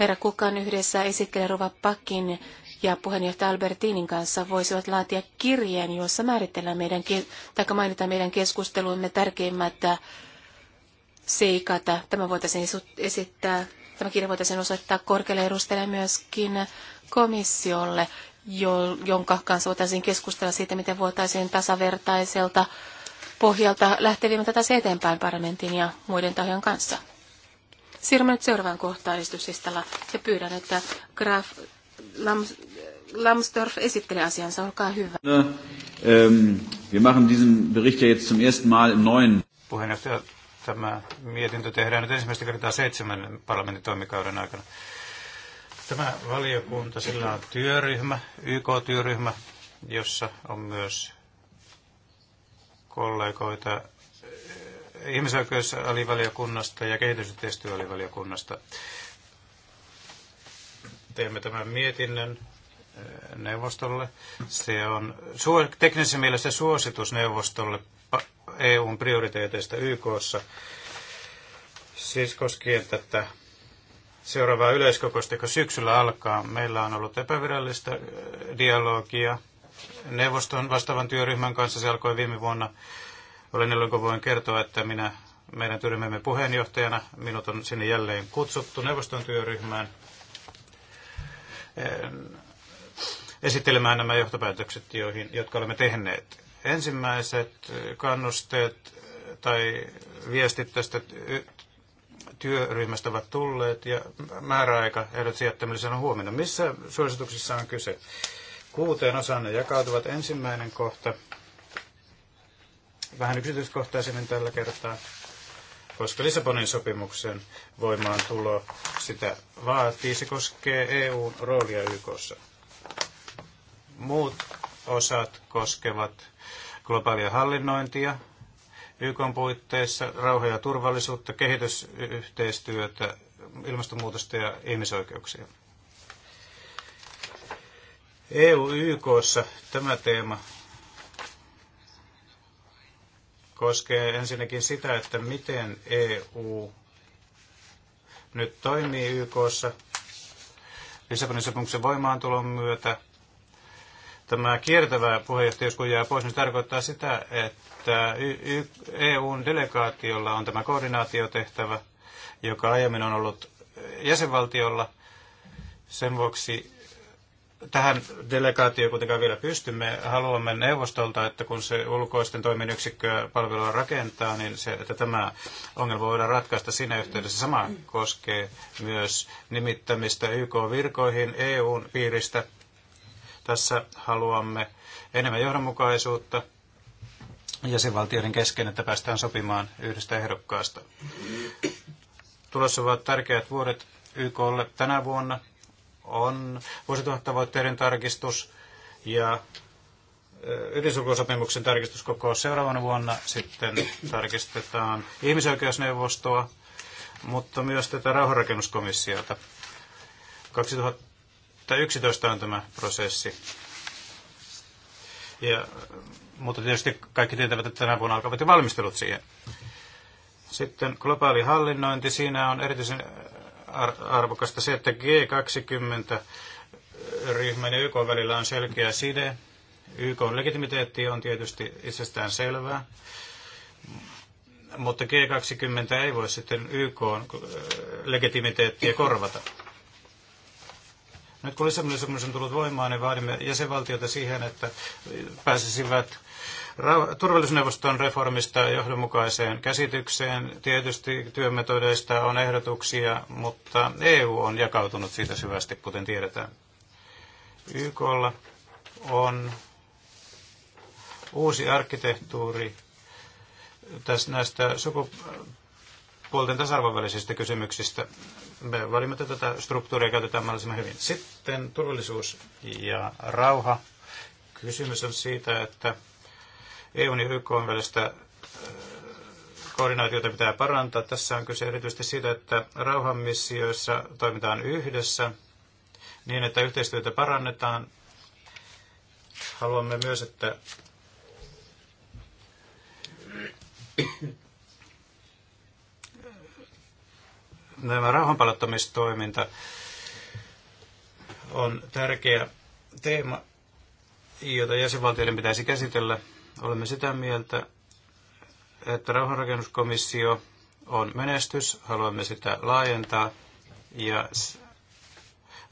Herra Kukan yhdessä esittelee Rova Pakin ja puheenjohtaja Albertinin kanssa voisivat laatia kirjeen, jossa määritellään meidän, tai mainitaan meidän keskustelumme tärkeimmät seikat. Tämä voitaisiin esittää, tämä kirja voitaisiin osoittaa korkealle edustajalle myöskin komissiolle, jonka kanssa voitaisiin keskustella siitä, miten voitaisiin tasavertaiselta pohjalta lähtevimme tätä eteenpäin parlamentin ja muiden tahojen kanssa. Siirrymme nyt seuraavaan kohtaan esityslistalla ja pyydän, että Graf Lams, Lambsdorff esittelee asiansa. Olkaa hyvä. No, ähm, wir machen diesen Bericht ja jetzt zum ersten Mal im neuen. Puheenjohtaja, tämä mietintö tehdään nyt ensimmäistä kertaa seitsemän parlamentin toimikauden aikana. Tämä valiokunta, sillä on työryhmä, YK-työryhmä, jossa on myös kollegoita ihmisoikeusalivaliokunnasta ja kehitysyhteistyöalivaliokunnasta. Teemme tämän mietinnön eh, neuvostolle. Se on teknisessä mielessä suositus neuvostolle EUn prioriteeteista YKssa, siis koskien tätä seuraavaa yleiskokousta, joka syksyllä alkaa. Meillä on ollut epävirallista eh, dialogia neuvoston vastaavan työryhmän kanssa. Se alkoi viime vuonna. Olen iloinen, voin kertoa, että minä meidän työryhmämme puheenjohtajana. Minut on sinne jälleen kutsuttu neuvoston työryhmään eh, esittelemään nämä johtopäätökset, joihin, jotka olemme tehneet. Ensimmäiset kannusteet tai viestit tästä työryhmästä ovat tulleet ja määräaika ehdot sijoittamisen on huomenna. Missä suosituksissa on kyse? kuuteen osaan ne jakautuvat. Ensimmäinen kohta, vähän yksityiskohtaisemmin tällä kertaa, koska Lissabonin sopimuksen voimaantulo sitä vaatii. Se koskee EUn roolia YKssa. Muut osat koskevat globaalia hallinnointia, YK puitteissa rauhaa ja turvallisuutta, kehitysyhteistyötä, ilmastonmuutosta ja ihmisoikeuksia. EU-YKssa tämä teema koskee ensinnäkin sitä, että miten EU nyt toimii YKssa Lissabonin sopimuksen voimaantulon myötä. Tämä kiertävä puheenjohtajuus kun jää pois, niin tarkoittaa sitä, että EUn delegaatiolla on tämä koordinaatiotehtävä, joka aiemmin on ollut jäsenvaltiolla. Sen vuoksi Tähän delegaatioon kuitenkaan vielä pystymme. Haluamme neuvostolta, että kun se ulkoisten toiminyksikköä palvelua rakentaa, niin se, että tämä ongelma voidaan ratkaista siinä yhteydessä. Sama koskee myös nimittämistä YK-virkoihin EUn piiristä. Tässä haluamme enemmän johdonmukaisuutta jäsenvaltioiden kesken, että päästään sopimaan yhdestä ehdokkaasta. Tulossa ovat tärkeät vuodet YKlle tänä vuonna – on vuosituhattavoitteiden tarkistus ja ydinsulkusopimuksen tarkistuskokous seuraavana vuonna. Sitten tarkistetaan ihmisoikeusneuvostoa, mutta myös tätä rauhanrakennuskomissiota. 2011 on tämä prosessi. Ja, mutta tietysti kaikki tietävät, että tänä vuonna alkavat jo valmistelut siihen. Sitten globaali hallinnointi, siinä on erityisen arvokasta se, että G20-ryhmän ja YK välillä on selkeä side. YK legitimiteetti on tietysti itsestään selvää, mutta G20 ei voi sitten YK äh, legitimiteettiä korvata. Nyt kun Lissabonin on tullut voimaan, niin vaadimme jäsenvaltiota siihen, että pääsisivät turvallisuusneuvoston reformista johdonmukaiseen käsitykseen. Tietysti työmetodeista on ehdotuksia, mutta EU on jakautunut siitä syvästi, kuten tiedetään. YKlla on uusi arkkitehtuuri tässä näistä sukupuolten tasa-arvon välisistä kysymyksistä. Me valimme tätä struktuuria käytetään mahdollisimman hyvin. Sitten turvallisuus ja rauha. Kysymys on siitä, että EUn ja YK välistä koordinaatiota pitää parantaa. Tässä on kyse erityisesti siitä, että rauhanmissioissa toimitaan yhdessä niin, että yhteistyötä parannetaan. Haluamme myös, että tämä rauhanpalottamistoiminta on tärkeä teema, jota jäsenvaltioiden pitäisi käsitellä – Olemme sitä mieltä, että rauhanrakennuskomissio on menestys, haluamme sitä laajentaa ja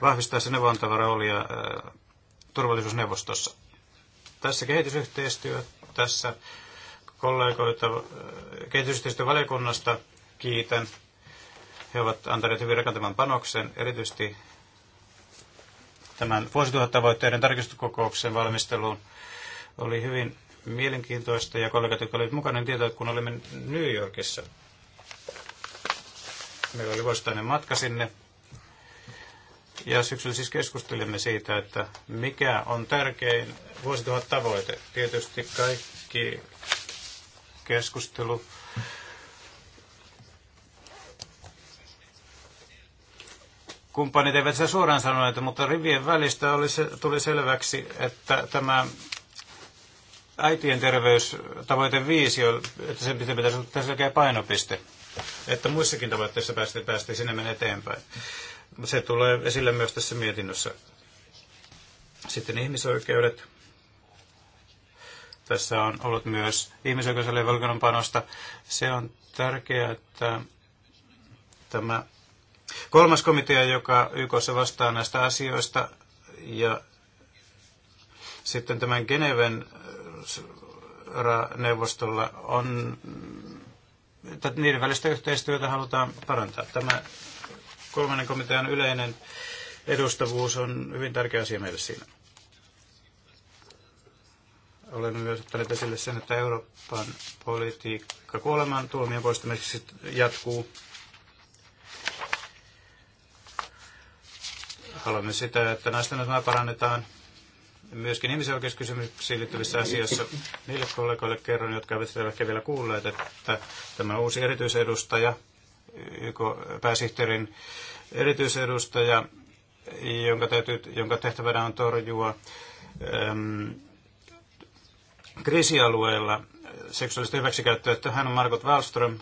vahvistaa sen neuvontava roolia äh, turvallisuusneuvostossa. Tässä kehitysyhteistyö, tässä kollegoita äh, kehitysyhteistyövaliokunnasta kiitän. He ovat antaneet hyvin rakentavan panoksen, erityisesti tämän vuosituhattavoitteiden tarkistuskokouksen valmisteluun. Oli hyvin mielenkiintoista ja kollegat, jotka olivat mukana, niin tietävät, kun olimme New Yorkissa. Meillä oli vuosittainen matka sinne. Ja syksyllä siis keskustelimme siitä, että mikä on tärkein vuosituhat tavoite. Tietysti kaikki keskustelu kumppanit eivät sitä suoraan sanoneet, mutta rivien välistä oli se, tuli selväksi, että tämä äitien tavoite 5, että sen pitäisi olla selkeä painopiste, että muissakin tavoitteissa päästiin, päästiin sinne eteenpäin. Se tulee esille myös tässä mietinnössä. Sitten ihmisoikeudet. Tässä on ollut myös ihmisoikeusvaliokunnan panosta. Se on tärkeää, että tämä kolmas komitea, joka YKssa vastaa näistä asioista ja sitten tämän Geneven neuvostolla on, että niiden välistä yhteistyötä halutaan parantaa. Tämä kolmannen komitean yleinen edustavuus on hyvin tärkeä asia meille siinä. Olemme myös ottaneet esille sen, että Euroopan politiikka kuoleman tuomion poistamiseksi jatkuu. Haluamme sitä, että naisten asemaa parannetaan – myöskin ihmisoikeuskysymyksiin liittyvissä asioissa niille kollegoille kerron, jotka eivät sitä ehkä vielä kuulleet, että tämä uusi erityisedustaja, pääsihteerin erityisedustaja, jonka, täytyy, jonka tehtävänä on torjua äm, kriisialueella seksuaalista hyväksikäyttöä, että hän on Margot Wallström,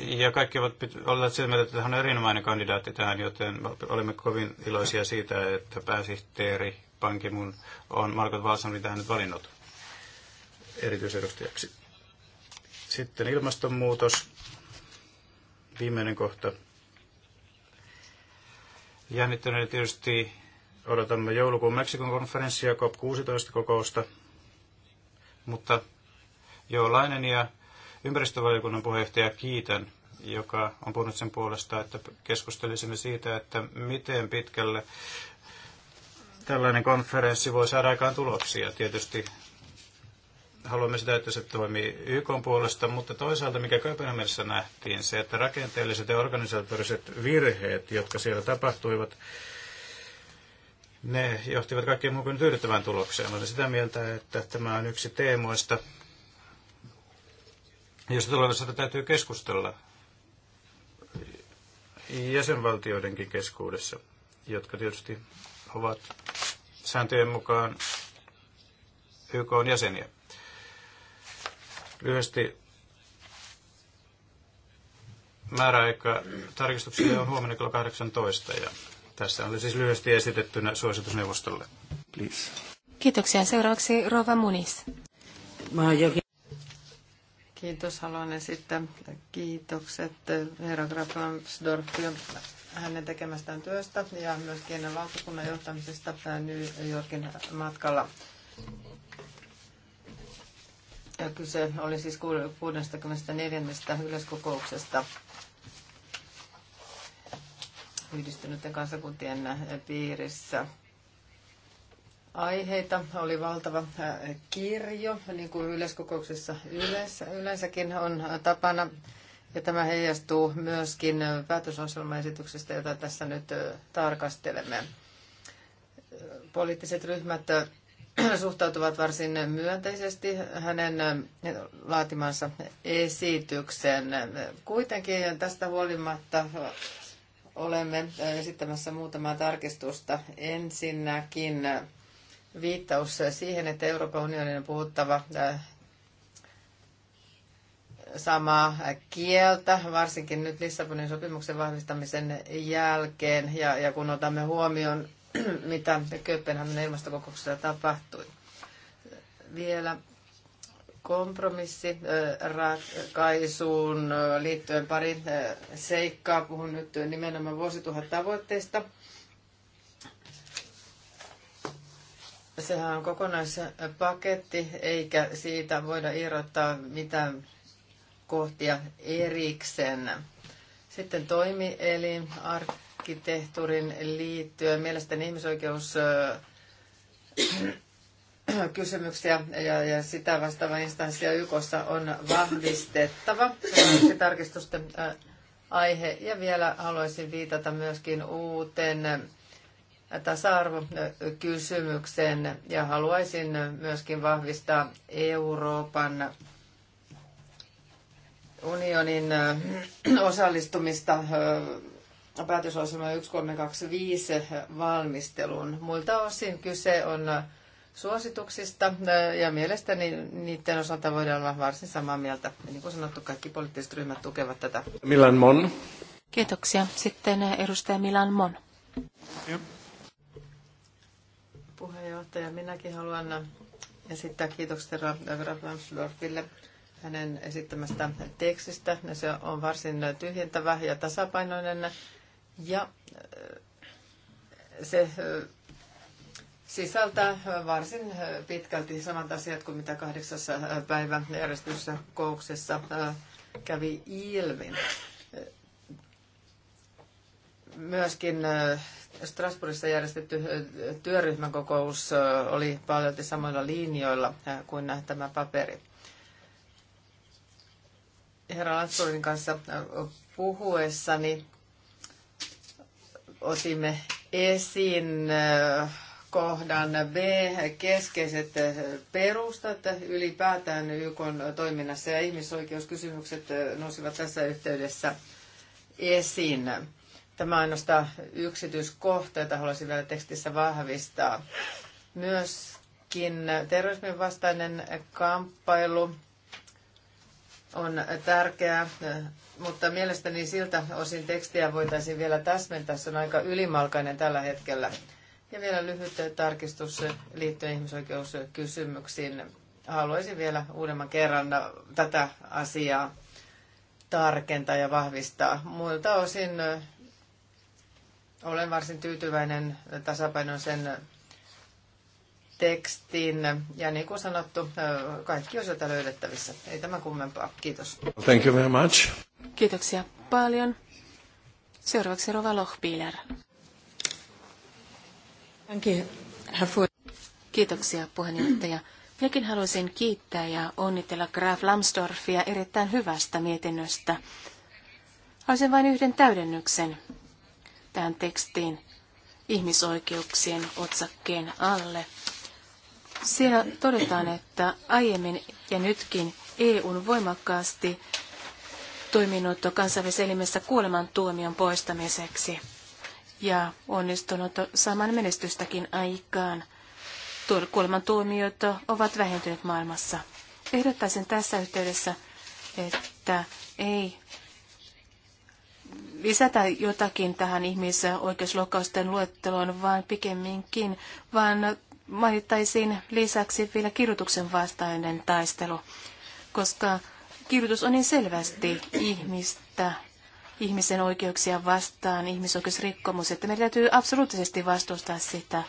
ja kaikki ovat olleet sitä mieltä, että hän on erinomainen kandidaatti tähän, joten olemme kovin iloisia siitä, että pääsihteeri Pankimun on Margot Wallströmin tähän nyt valinnut erityisedustajaksi. Sitten ilmastonmuutos, viimeinen kohta. Jännittyneenä tietysti odotamme joulukuun Meksikon konferenssia COP16 kokousta, mutta Lainen ja ympäristövaliokunnan puheenjohtaja Kiitän, joka on puhunut sen puolesta, että keskustelisimme siitä, että miten pitkälle tällainen konferenssi voi saada aikaan tuloksia. Tietysti haluamme sitä, että se toimii YK puolesta, mutta toisaalta mikä Kööpenhaminassa nähtiin, se, että rakenteelliset ja organisatoriset virheet, jotka siellä tapahtuivat, ne johtivat kaikkien muun kuin tyydyttävään tulokseen. Olen sitä mieltä, että tämä on yksi teemoista, josta tulevaisuudessa täytyy keskustella jäsenvaltioidenkin keskuudessa, jotka tietysti ovat sääntöjen mukaan YK on jäseniä. Lyhyesti määräaika tarkistuksia on huomenna kello 18 ja tässä oli siis lyhyesti esitettynä suositusneuvostolle. Please. Kiitoksia. Seuraavaksi Rova Munis. Kiitos. Haluan esittää kiitokset herra Graflansdorfin hänen tekemästään työstä ja myöskin valtakunnan johtamisesta New Yorkin matkalla. Ja kyse oli siis 64. yleiskokouksesta yhdistyneiden kansakuntien piirissä. Aiheita oli valtava kirjo, niin kuin yleiskokouksessa yleensä, yleensäkin on tapana. Ja tämä heijastuu myöskin päätösohjelmaesityksestä, jota tässä nyt tarkastelemme. Poliittiset ryhmät suhtautuvat varsin myönteisesti hänen laatimansa esitykseen. Kuitenkin tästä huolimatta olemme esittämässä muutamaa tarkistusta. Ensinnäkin viittaus siihen, että Euroopan unionin on puhuttava äh, samaa kieltä, varsinkin nyt Lissabonin sopimuksen vahvistamisen jälkeen, ja, ja kun otamme huomioon, mitä Kööpenhaminan ilmastokokouksessa tapahtui. Vielä kompromissiratkaisuun äh, äh, liittyen pari seikkaa. Puhun nyt nimenomaan vuosituhat tavoitteista Sehän on kokonaispaketti, eikä siitä voida irrottaa mitään kohtia erikseen. Sitten eli arkkitehtuurin liittyen. Mielestäni ihmisoikeus kysymyksiä ja, ja sitä vastaava instanssia YKssa on vahvistettava. Se on yksi tarkistusten aihe. Ja vielä haluaisin viitata myöskin uuteen tasa-arvokysymyksen ja haluaisin myöskin vahvistaa Euroopan unionin äh, osallistumista äh, päätösohjelma 1325 valmisteluun. Muilta osin kyse on äh, suosituksista ja mielestäni niiden osalta voidaan olla varsin samaa mieltä. Ja niin kuin sanottu, kaikki poliittiset ryhmät tukevat tätä. Milan Mon. Kiitoksia. Sitten edustaja Milan Mon. Jep puheenjohtaja. Minäkin haluan esittää kiitokset herra Graf Lambsdorffille hänen esittämästä tekstistä. Se on varsin tyhjentävä ja tasapainoinen ja äh, se äh, sisältää varsin äh, pitkälti samat asiat kuin mitä kahdeksassa päivän järjestyssä kouksessa kävi ilmi myöskin Strasbourgissa järjestetty työryhmän kokous oli paljon samoilla linjoilla kuin tämä paperi. Herra Lansburgin kanssa puhuessani otimme esiin kohdan B, keskeiset perustat ylipäätään YK toiminnassa ja ihmisoikeuskysymykset nousivat tässä yhteydessä esiin Tämä ainoastaan yksityiskohteita haluaisin vielä tekstissä vahvistaa. Myöskin terrorismin vastainen kamppailu on tärkeää, mutta mielestäni siltä osin tekstiä voitaisiin vielä täsmentää. Se on aika ylimalkainen tällä hetkellä. Ja vielä lyhyt tarkistus liittyen ihmisoikeuskysymyksiin. Haluaisin vielä uudemman kerran tätä asiaa tarkentaa ja vahvistaa. Muilta osin olen varsin tyytyväinen tasapainoisen tekstin. Ja niin kuin sanottu, kaikki on sieltä löydettävissä. Ei tämä kummempaa. Kiitos. Thank you very much. Kiitoksia paljon. Seuraavaksi Rova Lohpiler. Kiitoksia puheenjohtaja. Minäkin haluaisin kiittää ja onnitella Graf Lambsdorffia erittäin hyvästä mietinnöstä. Haluaisin vain yhden täydennyksen tähän tekstiin ihmisoikeuksien otsakkeen alle. Siellä todetaan, että aiemmin ja nytkin EUn voimakkaasti toiminut kansainvälisessä elimessä kuolemantuomion poistamiseksi ja onnistunut saamaan menestystäkin aikaan. Kuolemantuomiot ovat vähentyneet maailmassa. Ehdottaisin tässä yhteydessä, että ei lisätä jotakin tähän ihmisoikeusloukkausten luetteloon, vaan pikemminkin, vaan mainittaisiin lisäksi vielä kirjoituksen vastainen taistelu, koska kirjoitus on niin selvästi ihmistä, ihmisen oikeuksia vastaan, ihmisoikeusrikkomus, että meidän täytyy absoluuttisesti vastustaa sitä.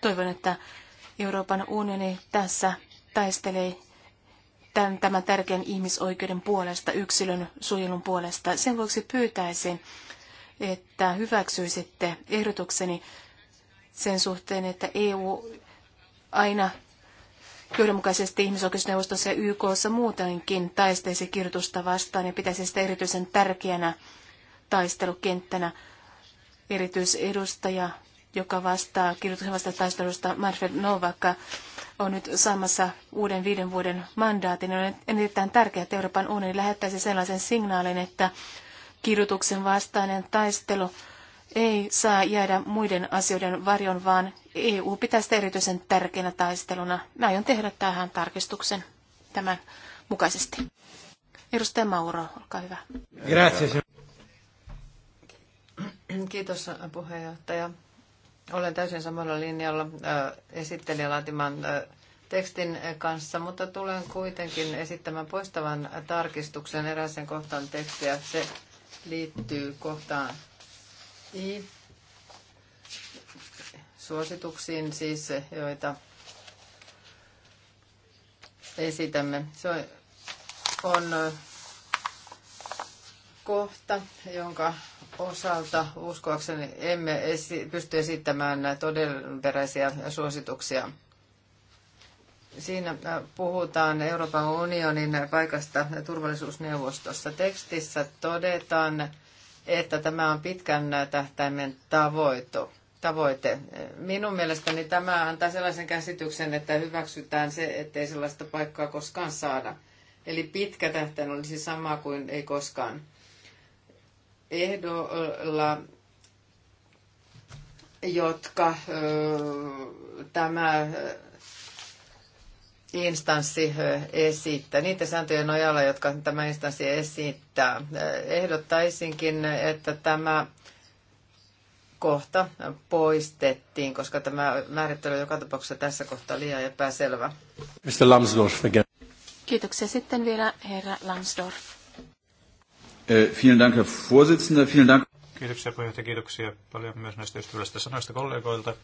Toivon, että Euroopan unioni tässä taistelee tämän, tämän tärkeän ihmisoikeuden puolesta, yksilön suojelun puolesta. Sen vuoksi pyytäisin, että hyväksyisitte ehdotukseni sen suhteen, että EU aina johdonmukaisesti ihmisoikeusneuvostossa ja YKssa muutenkin taisteisi kirjoitusta vastaan ja pitäisi sitä erityisen tärkeänä taistelukenttänä. Erityisedustaja, joka vastaa kirjoituksen vastaan taistelusta, Marfred Novakka on nyt saamassa uuden viiden vuoden mandaatin. On erittäin tärkeää, että Euroopan unioni lähettäisi sellaisen signaalin, että kidutuksen vastainen taistelu ei saa jäädä muiden asioiden varjon, vaan EU pitää sitä erityisen tärkeänä taisteluna. Mä aion tehdä tähän tarkistuksen tämän mukaisesti. Edustaja Mauro, olkaa hyvä. Kiitos puheenjohtaja. Olen täysin samalla linjalla äh, esittelijä laatiman äh, tekstin äh, kanssa, mutta tulen kuitenkin esittämään poistavan tarkistuksen eräisen kohtaan tekstiä. Se liittyy kohtaan I suosituksiin, siis joita esitämme. Se on kohta, jonka osalta uskoakseni emme pysty esittämään todenperäisiä suosituksia. Siinä äh, puhutaan Euroopan unionin paikasta turvallisuusneuvostossa. Tekstissä todetaan, että tämä on pitkän tähtäimen tavoito. tavoite. Minun mielestäni tämä antaa sellaisen käsityksen, että hyväksytään se, ettei sellaista paikkaa koskaan saada. Eli pitkä tähtäin olisi sama kuin ei koskaan – ehdolla, jotka tämä instanssi esittää, niiden sääntöjen nojalla, jotka tämä instanssi esittää. Ehdottaisinkin, että tämä kohta poistettiin, koska tämä määrittely joka tapauksessa tässä kohtaa liian epäselvä. Mr. Lambsdorff again. Kiitoksia sitten vielä herra Lansdorff. Äh, vielen Dank, Herr Vorsitzender. Vielen Dank. Kiitoksia puheenjohtaja, kiitoksia paljon myös näistä ystävällisistä sanoista kollegoilta.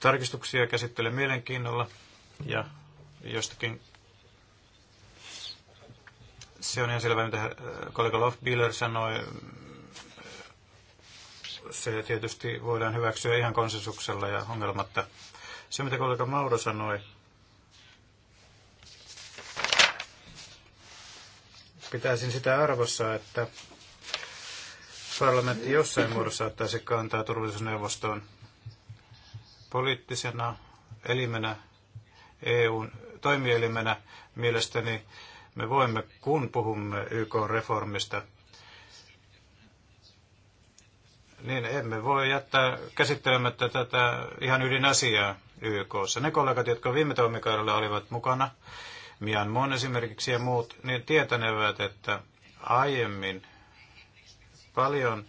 Tarkistuksia käsittelen mielenkiinnolla ja jostakin se on ihan selvä, mitä äh, kollega Lofbiller sanoi. Se tietysti voidaan hyväksyä ihan konsensuksella ja ongelmatta. Se, mitä kollega Mauro sanoi, Pitäisin sitä arvossa, että parlamentti jossain muodossa ottaisi kantaa turvallisuusneuvostoon poliittisena elimenä, EUn toimielimenä. Mielestäni me voimme, kun puhumme YK-reformista, niin emme voi jättää käsittelemättä tätä ihan ydinasiaa YKssa. Ne kollegat, jotka viime toimikaudella olivat mukana, Mianmon esimerkiksi ja muut, niin tietänevät, että aiemmin paljon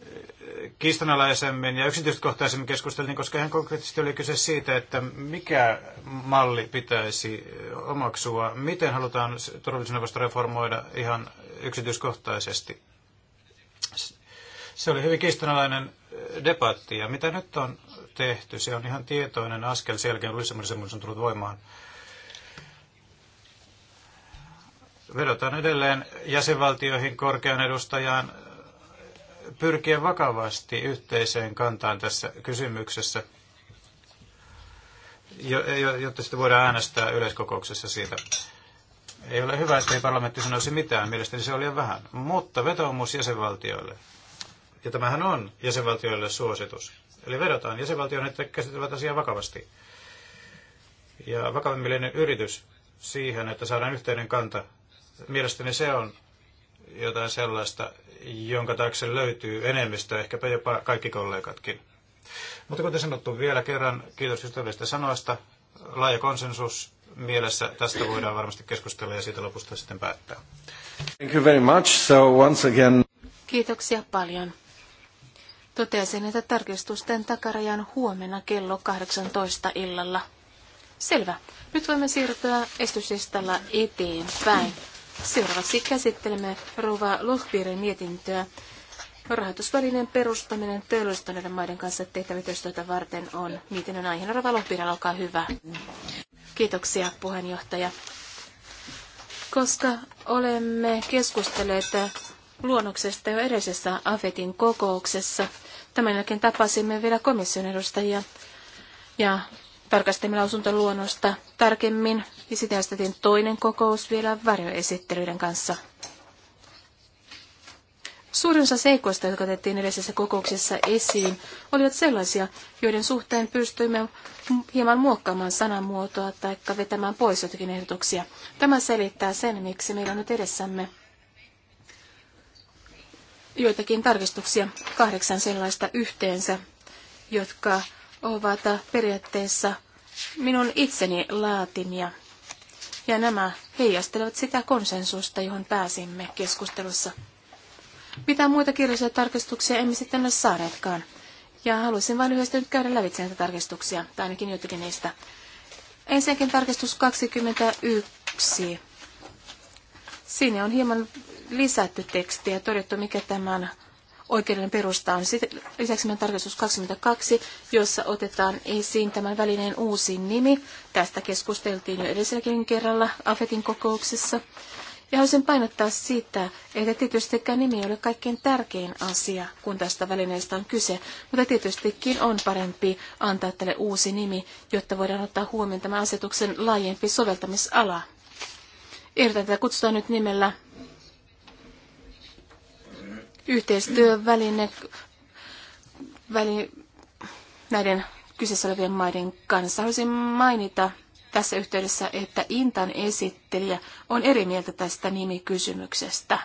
eh, kiistanalaisemmin ja yksityiskohtaisemmin keskusteltiin, koska ihan konkreettisesti oli kyse siitä, että mikä malli pitäisi eh, omaksua, miten halutaan turvallisuusneuvosto reformoida ihan yksityiskohtaisesti. Se oli hyvin kiistanalainen eh, debatti ja mitä nyt on tehty, se on ihan tietoinen askel sen jälkeen, kun on tullut voimaan. vedotaan edelleen jäsenvaltioihin korkean edustajaan pyrkiä vakavasti yhteiseen kantaan tässä kysymyksessä, jotta sitten voidaan äänestää yleiskokouksessa siitä. Ei ole hyvä, että ei parlamentti sanoisi mitään, mielestäni se oli vähän. Mutta vetoomus jäsenvaltioille. Ja tämähän on jäsenvaltioille suositus. Eli vedotaan jäsenvaltioille, että käsittelevät asiaa vakavasti. Ja vakavamielinen yritys siihen, että saadaan yhteinen kanta Mielestäni se on jotain sellaista, jonka taakse löytyy enemmistö, ehkäpä jopa kaikki kollegatkin. Mutta kuten sanottu vielä kerran, kiitos ystävällisistä sanoista. Laaja konsensus mielessä. Tästä voidaan varmasti keskustella ja siitä lopusta sitten päättää. Thank you very much. So once again... Kiitoksia paljon. Totesin, että tarkistusten takarajan huomenna kello 18 illalla. Selvä. Nyt voimme siirtyä estysistalla eteenpäin. Seuraavaksi käsittelemme Rova Lohpiirin mietintöä. Rahoitusvälineen perustaminen teollistuneiden maiden kanssa tehtävätyöstöitä varten on mietinnön aiheena. Rova Lohpiirä, olkaa hyvä. Kiitoksia puheenjohtaja. Koska olemme keskustelleet luonnoksesta jo edellisessä AFETin kokouksessa, tämän jälkeen tapasimme vielä komission edustajia ja tarkastimme lausuntoluonnosta tarkemmin ja sitä sitten toinen kokous vielä varjoesittelyiden kanssa. Suurin osa seikoista, jotka otettiin edellisessä kokouksessa esiin, olivat sellaisia, joiden suhteen pystyimme hieman muokkaamaan sanamuotoa tai vetämään pois jotakin ehdotuksia. Tämä selittää sen, miksi meillä on nyt edessämme joitakin tarkistuksia, kahdeksan sellaista yhteensä, jotka ovat periaatteessa minun itseni laatimia ja nämä heijastelevat sitä konsensusta, johon pääsimme keskustelussa. Mitä muita kirjallisia tarkistuksia emme sitten ole saaneetkaan. Ja haluaisin vain lyhyesti nyt käydä lävitse näitä tarkistuksia, tai ainakin jotakin niistä. Ensinnäkin tarkistus 21. Siinä on hieman lisätty tekstiä ja todettu, mikä tämän Oikeuden perusta on. Sitten lisäksi meidän tarkastus 22, jossa otetaan esiin tämän välineen uusi nimi. Tästä keskusteltiin jo edelliselläkin kerralla AFETin kokouksessa. Ja haluaisin painottaa sitä, että tietystikään nimi ei ole kaikkein tärkein asia, kun tästä välineestä on kyse, mutta tietystikin on parempi antaa tälle uusi nimi, jotta voidaan ottaa huomioon tämän asetuksen laajempi soveltamisala. Ehdotan, että kutsutaan nyt nimellä yhteistyöväline väli, näiden kyseessä olevien maiden kanssa. Haluaisin mainita tässä yhteydessä, että Intan esittelijä on eri mieltä tästä nimikysymyksestä.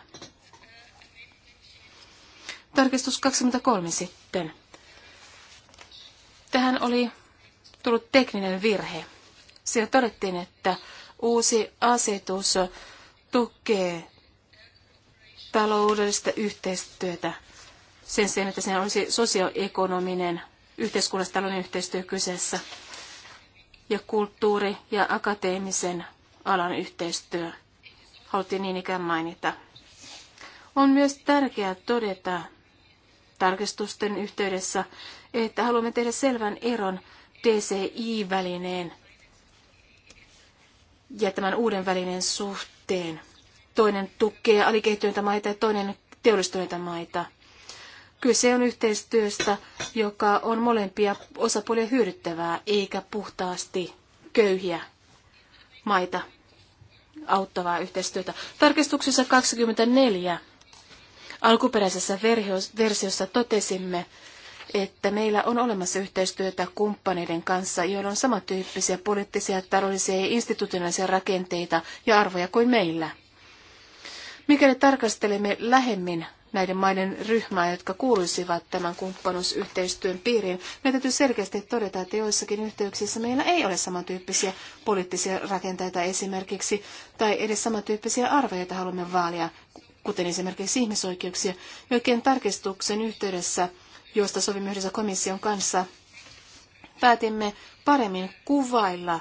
Tarkistus 23 sitten. Tähän oli tullut tekninen virhe. Siellä todettiin, että uusi asetus tukee taloudellista yhteistyötä sen sijaan, että siinä olisi sosioekonominen yhteiskunnallinen yhteistyö kyseessä ja kulttuuri- ja akateemisen alan yhteistyö. Haluttiin niin ikään mainita. On myös tärkeää todeta tarkistusten yhteydessä, että haluamme tehdä selvän eron DCI-välineen ja tämän uuden välineen suhteen toinen tukee alikehittyneitä maita ja toinen teollistuneita maita. Kyse on yhteistyöstä, joka on molempia osapuolia hyödyttävää, eikä puhtaasti köyhiä maita auttavaa yhteistyötä. Tarkistuksessa 24 alkuperäisessä versiossa totesimme, että meillä on olemassa yhteistyötä kumppaneiden kanssa, joilla on samantyyppisiä poliittisia, taloudellisia ja institutionaalisia rakenteita ja arvoja kuin meillä. Mikäli tarkastelemme lähemmin näiden maiden ryhmää, jotka kuuluisivat tämän kumppanuusyhteistyön piiriin, meidän täytyy selkeästi todeta, että joissakin yhteyksissä meillä ei ole samantyyppisiä poliittisia rakenteita esimerkiksi, tai edes samantyyppisiä arvoja, joita haluamme vaalia, kuten esimerkiksi ihmisoikeuksia. joiden tarkistuksen yhteydessä, josta sovimme yhdessä komission kanssa, päätimme paremmin kuvailla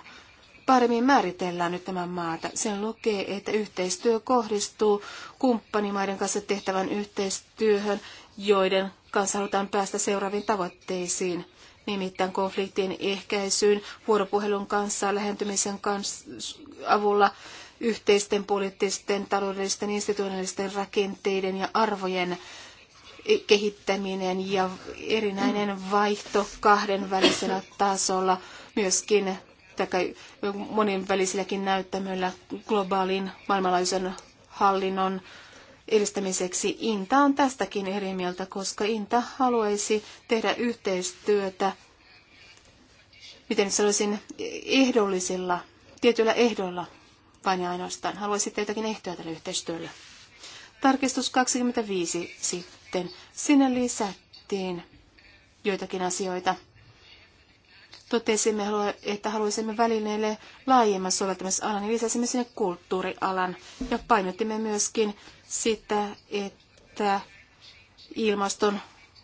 paremmin määritellään nyt tämän maata. Sen lukee, että yhteistyö kohdistuu kumppanimaiden kanssa tehtävän yhteistyöhön, joiden kanssa halutaan päästä seuraaviin tavoitteisiin, nimittäin konfliktien ehkäisyyn, vuoropuhelun kanssa, lähentymisen kanssa, avulla, yhteisten poliittisten, taloudellisten, institutionaalisten rakenteiden ja arvojen kehittäminen ja erinäinen vaihto kahdenvälisellä tasolla, myöskin tai monenvälisilläkin näyttämöillä globaalin maailmanlaajuisen hallinnon edistämiseksi. Inta on tästäkin eri mieltä, koska Inta haluaisi tehdä yhteistyötä, miten sanoisin, ehdollisilla, tietyillä ehdoilla vain ja ainoastaan. Haluaisitte jotakin ehtoja tälle yhteistyölle. Tarkistus 25 sitten. Sinne lisättiin joitakin asioita totesimme, että haluaisimme välineille laajemman soveltamisalan, ja lisäsimme sinne kulttuurialan ja painottimme myöskin sitä, että ilmaston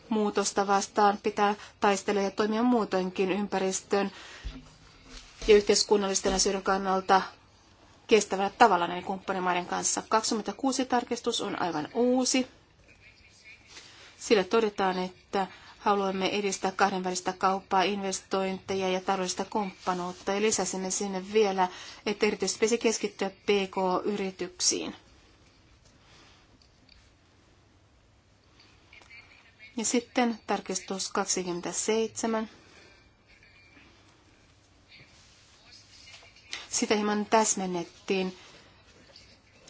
muutosta vastaan pitää taistella ja toimia muutoinkin ympäristön ja yhteiskunnallisten asioiden kannalta kestävällä tavalla näiden kumppanimaiden kanssa. 26 tarkistus on aivan uusi. Sillä todetaan, että haluamme edistää kahdenvälistä kauppaa, investointeja ja taloudellista kumppanuutta. Ja lisäsimme sinne vielä, että erityisesti pitäisi keskittyä PK-yrityksiin. Ja sitten tarkistus 27. Sitä hieman täsmennettiin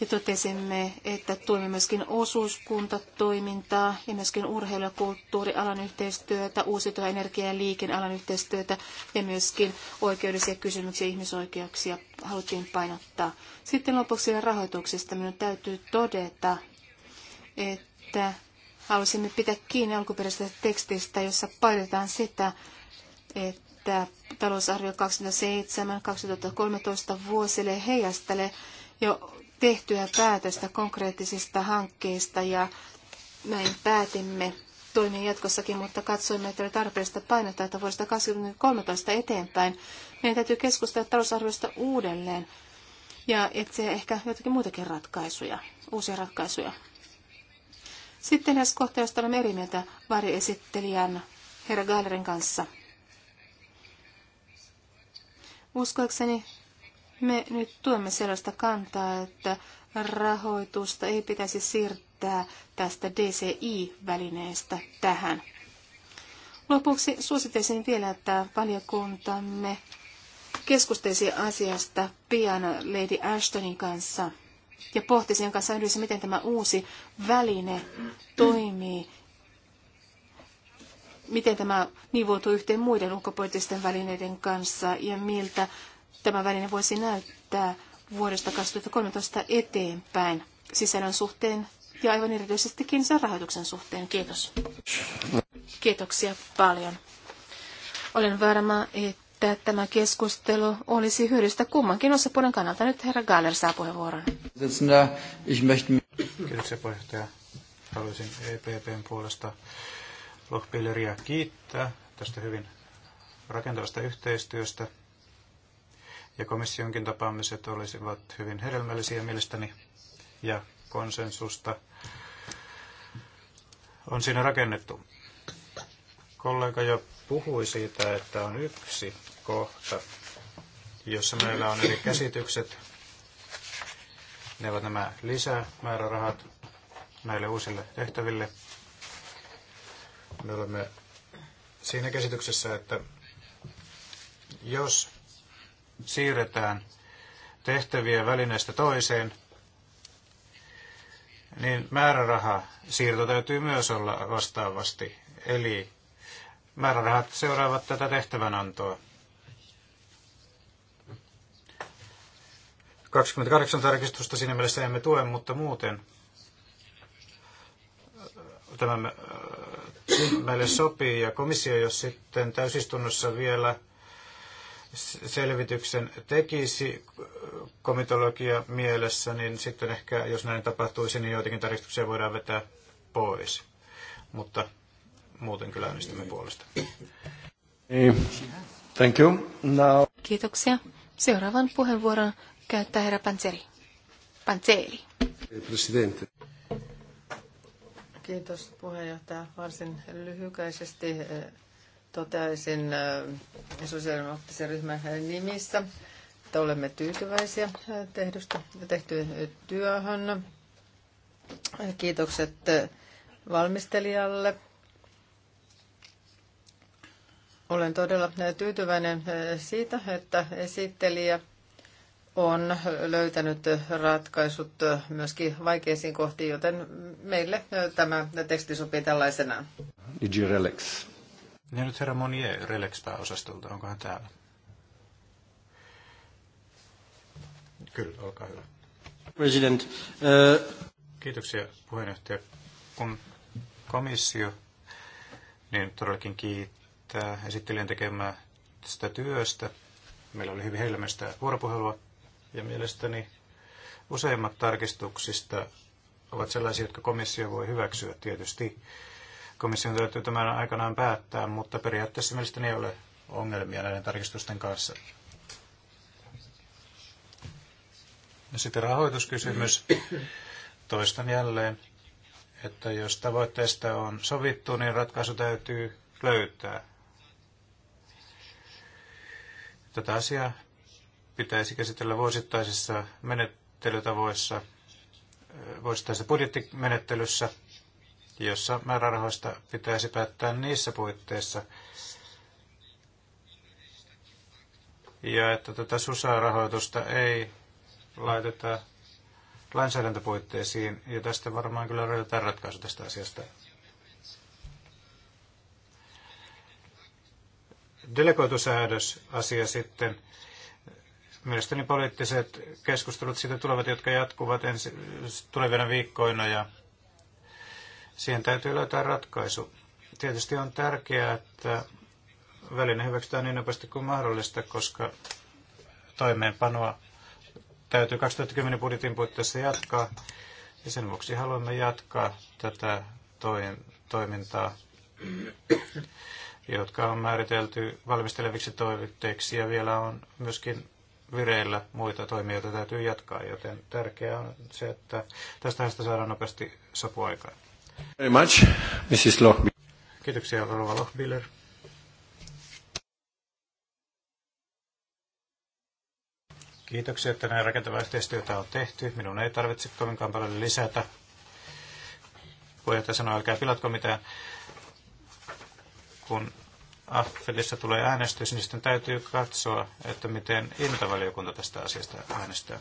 ja totesimme, että tuemme myöskin osuuskuntatoimintaa ja myöskin urheilu- ja kulttuurialan yhteistyötä, uusiutuva energia- ja liikealan yhteistyötä ja myöskin oikeudellisia kysymyksiä ja ihmisoikeuksia haluttiin painottaa. Sitten lopuksi rahoituksesta minun täytyy todeta, että halusimme pitää kiinni alkuperäisestä tekstistä, jossa painotetaan sitä, että talousarvio 2007 2013 vuosille heijastelee jo tehtyä päätöstä konkreettisista hankkeista ja näin päätimme toimia jatkossakin, mutta katsoimme, että oli tarpeellista painottaa, että vuodesta 2013 eteenpäin meidän täytyy keskustella talousarviosta uudelleen ja etsiä ehkä jotakin muitakin ratkaisuja, uusia ratkaisuja. Sitten eräs kohta, josta olemme eri mieltä varjoesittelijän herra Gallerin kanssa. Uskoakseni me nyt tuemme sellaista kantaa, että rahoitusta ei pitäisi siirtää tästä DCI-välineestä tähän. Lopuksi suosittaisin vielä, että valiokuntamme keskustelisi asiasta pian Lady Ashtonin kanssa ja pohtisi sen kanssa yhdessä, miten tämä uusi väline toimii, miten tämä nivoutuu yhteen muiden ulkopoliittisten välineiden kanssa ja miltä Tämä väline voisi näyttää vuodesta 2013 eteenpäin sisällön suhteen ja aivan erityisestikin sen rahoituksen suhteen. Kiitos. Kiitoksia paljon. Olen varma, että tämä keskustelu olisi hyödyllistä kummankin osapuolen kannalta. Nyt herra Galler saa puheenvuoron. Kiitoksia puheenjohtaja. Haluaisin EPPn puolesta Lockpilleria kiittää tästä hyvin rakentavasta yhteistyöstä ja komissionkin tapaamiset olisivat hyvin hedelmällisiä mielestäni ja konsensusta on siinä rakennettu. Kollega jo puhui siitä, että on yksi kohta, jossa meillä on eri käsitykset. Ne ovat nämä lisämäärärahat näille uusille tehtäville. Me olemme siinä käsityksessä, että jos siirretään tehtäviä välineestä toiseen, niin määräraha siirto täytyy myös olla vastaavasti. Eli määrärahat seuraavat tätä tehtävänantoa. 28 tarkistusta siinä mielessä emme tue, mutta muuten tämä äh, meille sopii ja komissio, jos sitten täysistunnossa vielä selvityksen tekisi komitologia mielessä, niin sitten ehkä, jos näin tapahtuisi, niin joitakin tarkistuksia voidaan vetää pois. Mutta muuten kyllä äänestämme puolesta. Niin. Thank you. Now. Kiitoksia. Seuraavan puheenvuoron käyttää herra Panzeri. Panzeri. Presidente. Kiitos puheenjohtaja. Varsin lyhykäisesti eh, toteaisin äh, sosiaalidemokraattisen ryhmän nimissä, että olemme tyytyväisiä äh, tehdystä, tehtyyn työhön. Kiitokset äh, valmistelijalle. Olen todella tyytyväinen siitä, että esittelijä on löytänyt ratkaisut myöskin vaikeisiin kohtiin, joten meille tämä teksti sopii tällaisenaan. Digirelex. Ja niin nyt herra Monier Relex-pääosastolta, onko hän täällä? Kyllä, olkaa hyvä. President. Uh... Kiitoksia puheenjohtaja. Kun komissio niin todellakin kiittää esittelijän tekemää tästä työstä. Meillä oli hyvin helmestä vuoropuhelua ja mielestäni useimmat tarkistuksista ovat sellaisia, jotka komissio voi hyväksyä tietysti Komission täytyy tämän aikanaan päättää, mutta periaatteessa mielestäni ei ole ongelmia näiden tarkistusten kanssa. sitten rahoituskysymys. Toistan jälleen, että jos tavoitteesta on sovittu, niin ratkaisu täytyy löytää. Tätä asiaa pitäisi käsitellä vuosittaisissa menettelytavoissa, vuosittaisessa budjettimenettelyssä – jossa määrärahoista pitäisi päättää niissä puitteissa, ja että tätä SUSA-rahoitusta ei laiteta lainsäädäntöpuitteisiin, ja tästä varmaan kyllä löydetään ratkaisu tästä asiasta. asia sitten. Mielestäni poliittiset keskustelut siitä tulevat, jotka jatkuvat ensi, tulevina viikkoina, ja Siihen täytyy löytää ratkaisu. Tietysti on tärkeää, että väline hyväksytään niin nopeasti kuin mahdollista, koska toimeenpanoa täytyy 2010 budjetin puitteissa jatkaa. Ja sen vuoksi haluamme jatkaa tätä toimintaa, jotka on määritelty valmisteleviksi toimitteiksi ja vielä on myöskin vireillä muita toimia, joita täytyy jatkaa, joten tärkeää on se, että tästä saadaan nopeasti sopuaikaan. Very much, Mrs. Kiitoksia, Rova Kiitoksia, että näin rakentavaa yhteistyötä on tehty. Minun ei tarvitse kovinkaan paljon lisätä. Puheenjohtaja sanoi, älkää pilatko mitään. Kun Affelissa tulee äänestys, niin sitten täytyy katsoa, että miten iltavaliokunta tästä asiasta äänestää.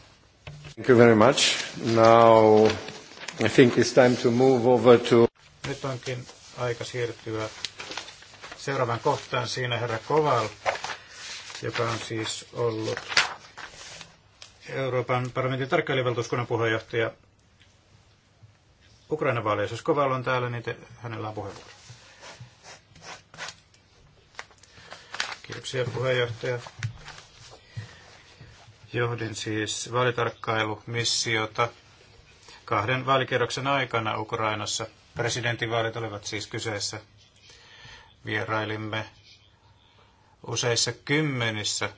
Thank you very much. Now... I think it's time to move over to... Nyt onkin aika siirtyä seuraavan kohtaan. Siinä herra Koval, joka on siis ollut Euroopan parlamentin tarkkailijavaltuuskunnan puheenjohtaja Ukraina vaaleissa. Jos Koval on täällä, niin te, hänellä on puheenvuoro. Kiitoksia puheenjohtaja. Johdin siis vaalitarkkailumissiota kahden vaalikierroksen aikana Ukrainassa. Presidentinvaalit olivat siis kyseessä. Vierailimme useissa kymmenissä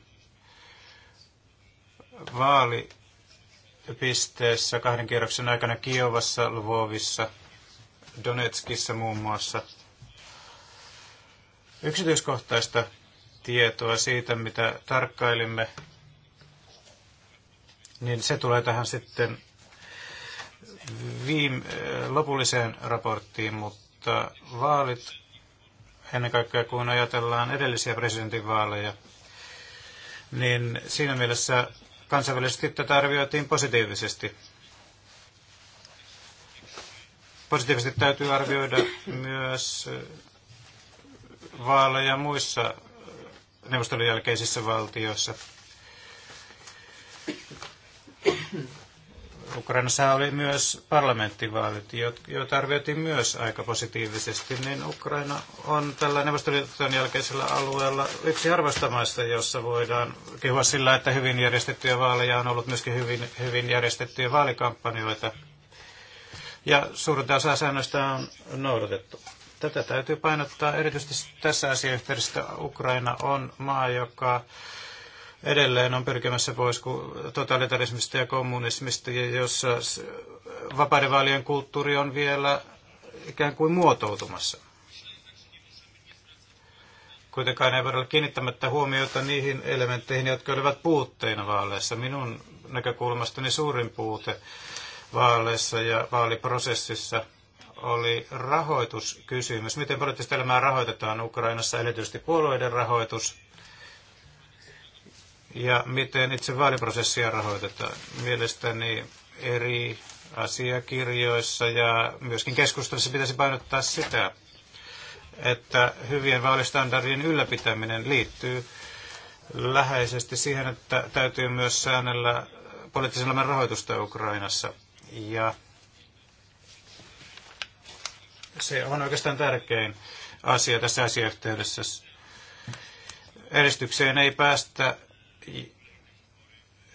vaalipisteessä kahden kierroksen aikana Kiovassa, Lvovissa, Donetskissa muun muassa. Yksityiskohtaista tietoa siitä, mitä tarkkailimme, niin se tulee tähän sitten viim- eh, lopulliseen raporttiin, mutta vaalit, ennen kaikkea kun ajatellaan edellisiä presidentinvaaleja, niin siinä mielessä kansainvälisesti tätä arvioitiin positiivisesti. Positiivisesti täytyy arvioida myös vaaleja muissa neuvoston jälkeisissä valtioissa. Ukrainassa oli myös parlamenttivaalit, joita arvioitiin myös aika positiivisesti, niin Ukraina on tällä neuvostoliiton jälkeisellä alueella yksi harvoista maista, jossa voidaan kehua sillä, että hyvin järjestettyjä vaaleja on ollut myöskin hyvin, hyvin järjestettyjä vaalikampanjoita. Ja suurta osaa säännöistä on noudatettu. Tätä täytyy painottaa erityisesti tässä asiayhteydessä. Ukraina on maa, joka edelleen on pyrkimässä pois totalitarismista ja kommunismista, jossa äh, vapaiden vaalien kulttuuri on vielä ikään kuin muotoutumassa. Kuitenkaan ei voida kiinnittämättä huomiota niihin elementteihin, jotka olivat puutteina vaaleissa. Minun näkökulmastani suurin puute vaaleissa ja vaaliprosessissa oli rahoituskysymys. Miten poliittista elämää rahoitetaan Ukrainassa, erityisesti puolueiden rahoitus, ja miten itse vaaliprosessia rahoitetaan. Mielestäni eri asiakirjoissa ja myöskin keskustelussa pitäisi painottaa sitä, että hyvien vaalistandardien ylläpitäminen liittyy läheisesti siihen, että täytyy myös säännellä poliittisen elämän rahoitusta Ukrainassa. Ja se on oikeastaan tärkein asia tässä asiayhteydessä. Edistykseen ei päästä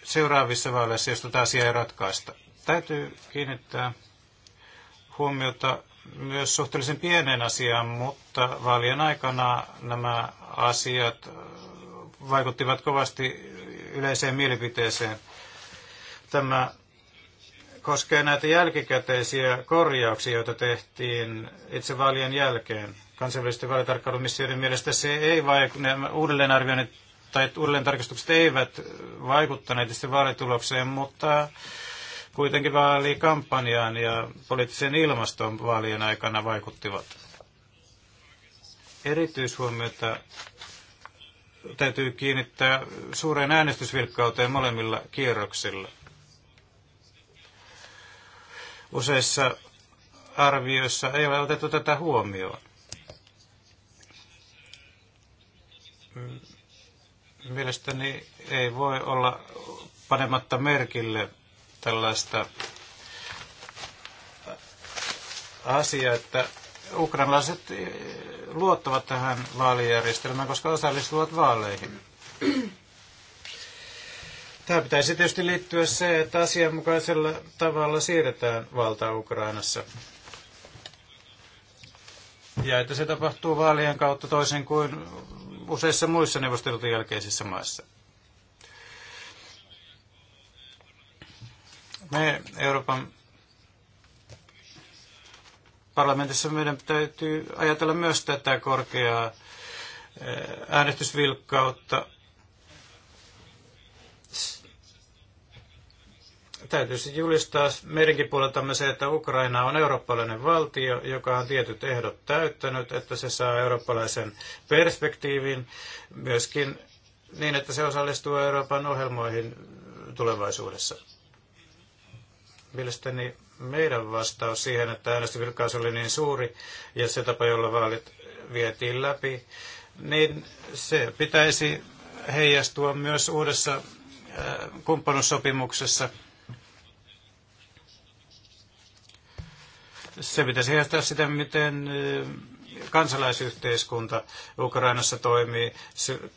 seuraavissa vaaleissa, jos tätä asiaa ei ratkaista. Täytyy kiinnittää huomiota myös suhteellisen pienen asiaan, mutta vaalien aikana nämä asiat vaikuttivat kovasti yleiseen mielipiteeseen. Tämä koskee näitä jälkikäteisiä korjauksia, joita tehtiin itse vaalien jälkeen. Kansainvälisten vaalitarkkailumissioiden mielestä se ei vaikuta, uudelleenarvioinnit tai uudelleen tarkistukset eivät vaikuttaneet sitten vaalitulokseen, mutta kuitenkin vaalikampanjaan ja poliittiseen ilmaston vaalien aikana vaikuttivat. Erityishuomiota täytyy kiinnittää suureen äänestysvilkkauteen molemmilla kierroksilla. Useissa arvioissa ei ole otettu tätä huomioon. Mielestäni ei voi olla panematta merkille tällaista asiaa, että ukrainalaiset luottavat tähän vaalijärjestelmään, koska osallistuvat vaaleihin. Tämä pitäisi tietysti liittyä se, että asianmukaisella tavalla siirretään valtaa Ukrainassa. Ja että se tapahtuu vaalien kautta toisin kuin useissa muissa neuvostelun jälkeisissä maissa. Me Euroopan parlamentissa meidän täytyy ajatella myös tätä korkeaa eh, äänestysvilkkautta täytyisi julistaa meidänkin puoleltamme se, että Ukraina on eurooppalainen valtio, joka on tietyt ehdot täyttänyt, että se saa eurooppalaisen perspektiivin myöskin niin, että se osallistuu Euroopan ohjelmoihin tulevaisuudessa. Mielestäni meidän vastaus siihen, että äänestyvilkaus oli niin suuri ja se tapa, jolla vaalit vietiin läpi, niin se pitäisi heijastua myös uudessa äh, kumppanussopimuksessa Se pitäisi heijastaa sitä, miten kansalaisyhteiskunta Ukrainassa toimii.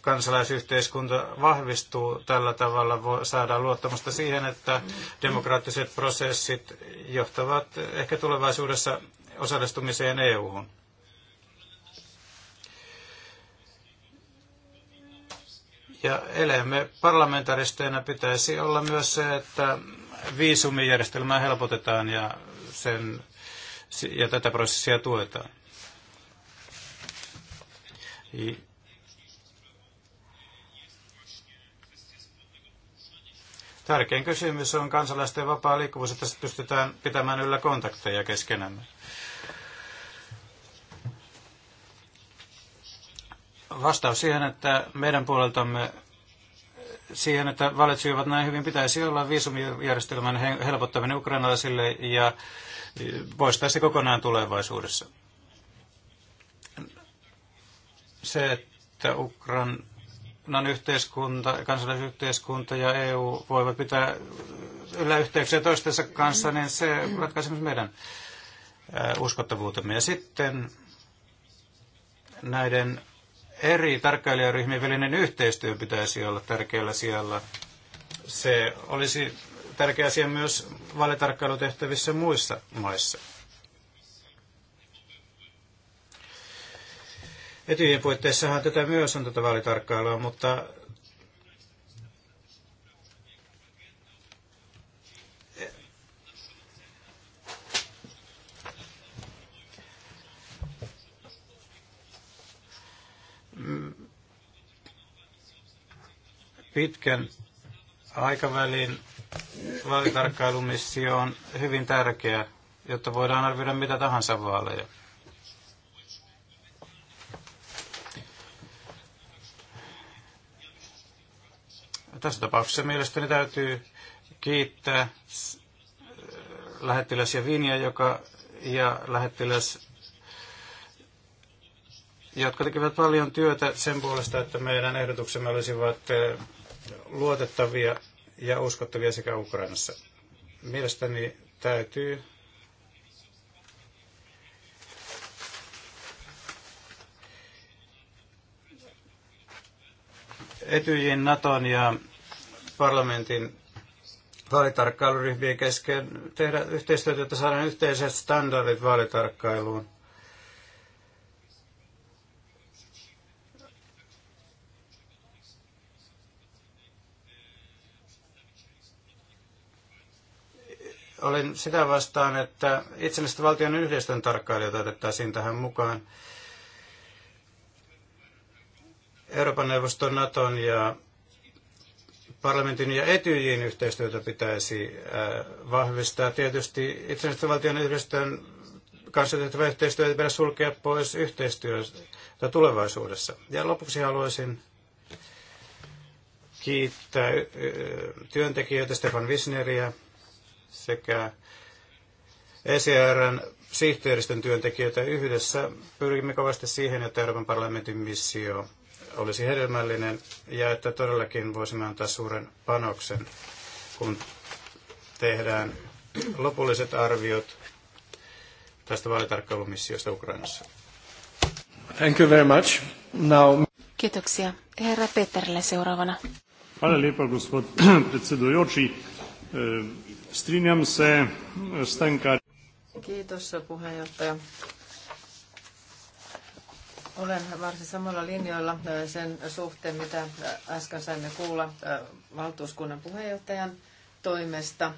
Kansalaisyhteiskunta vahvistuu tällä tavalla, saadaan luottamusta siihen, että demokraattiset prosessit johtavat ehkä tulevaisuudessa osallistumiseen EU-hun. Ja elämme parlamentaristeina pitäisi olla myös se, että viisumijärjestelmää helpotetaan ja sen ja tätä prosessia tuetaan. Tärkein kysymys on kansalaisten vapaa liikkuvuus, että pystytään pitämään yllä kontakteja keskenämme. Vastaus siihen, että meidän puoleltamme siihen, että valitsivat näin hyvin, pitäisi olla viisumijärjestelmän helpottaminen ukrainalaisille ja poistaa se kokonaan tulevaisuudessa. Se, että Ukrainan yhteiskunta, kansalaisyhteiskunta ja EU voivat pitää yllä yhteyksiä toistensa kanssa, niin se ratkaisee myös meidän uskottavuutemme. Ja sitten näiden eri tarkkailijaryhmien välinen yhteistyö pitäisi olla tärkeällä siellä. Se olisi tärkeä asia myös vaalitarkkailutehtävissä muissa maissa. Etyjen puitteissahan tätä myös on tätä vaalitarkkailua, mutta pitkän aikavälin vaalitarkkailumissio on hyvin tärkeä, jotta voidaan arvioida mitä tahansa vaaleja. Tässä tapauksessa mielestäni täytyy kiittää lähettiläs Vinja, joka ja lähettiläs jotka tekevät paljon työtä sen puolesta, että meidän ehdotuksemme olisivat eh, luotettavia ja uskottavia sekä Ukrainassa. Mielestäni täytyy Etyjin, Naton ja parlamentin vaalitarkkailuryhmien kesken tehdä yhteistyötä, jotta saadaan yhteiset standardit vaalitarkkailuun. Olin sitä vastaan, että itsenäistä valtion yhdistön tarkkailijoita otettaisiin tähän mukaan. Euroopan neuvoston, Naton ja parlamentin ja etyjiin yhteistyötä pitäisi äh, vahvistaa. Tietysti itsenäisten valtion yhdistön kanssa tehtävä yhteistyö ei pidä sulkea pois yhteistyöstä tulevaisuudessa. Ja lopuksi haluaisin kiittää äh, työntekijöitä Stefan Wisneriä, sekä ECRn sihteeristön työntekijöitä yhdessä. Pyrimme kovasti siihen, että Euroopan parlamentin missio olisi hedelmällinen ja että todellakin voisimme antaa suuren panoksen, kun tehdään lopulliset arviot tästä vaalitarkkailumissiosta Ukrainassa. Thank you very much. Now... Kiitoksia. Herra Peterille seuraavana. Hvala lijepa, gospod predsjedujoči. Strinjam se e, s tem, kar... Kiitos puheenjohtaja. Olen varsin samalla linjoilla e, sen suhteen, mitä äsken saimme kuulla e, valtuuskunnan puheenjohtajan toimesta.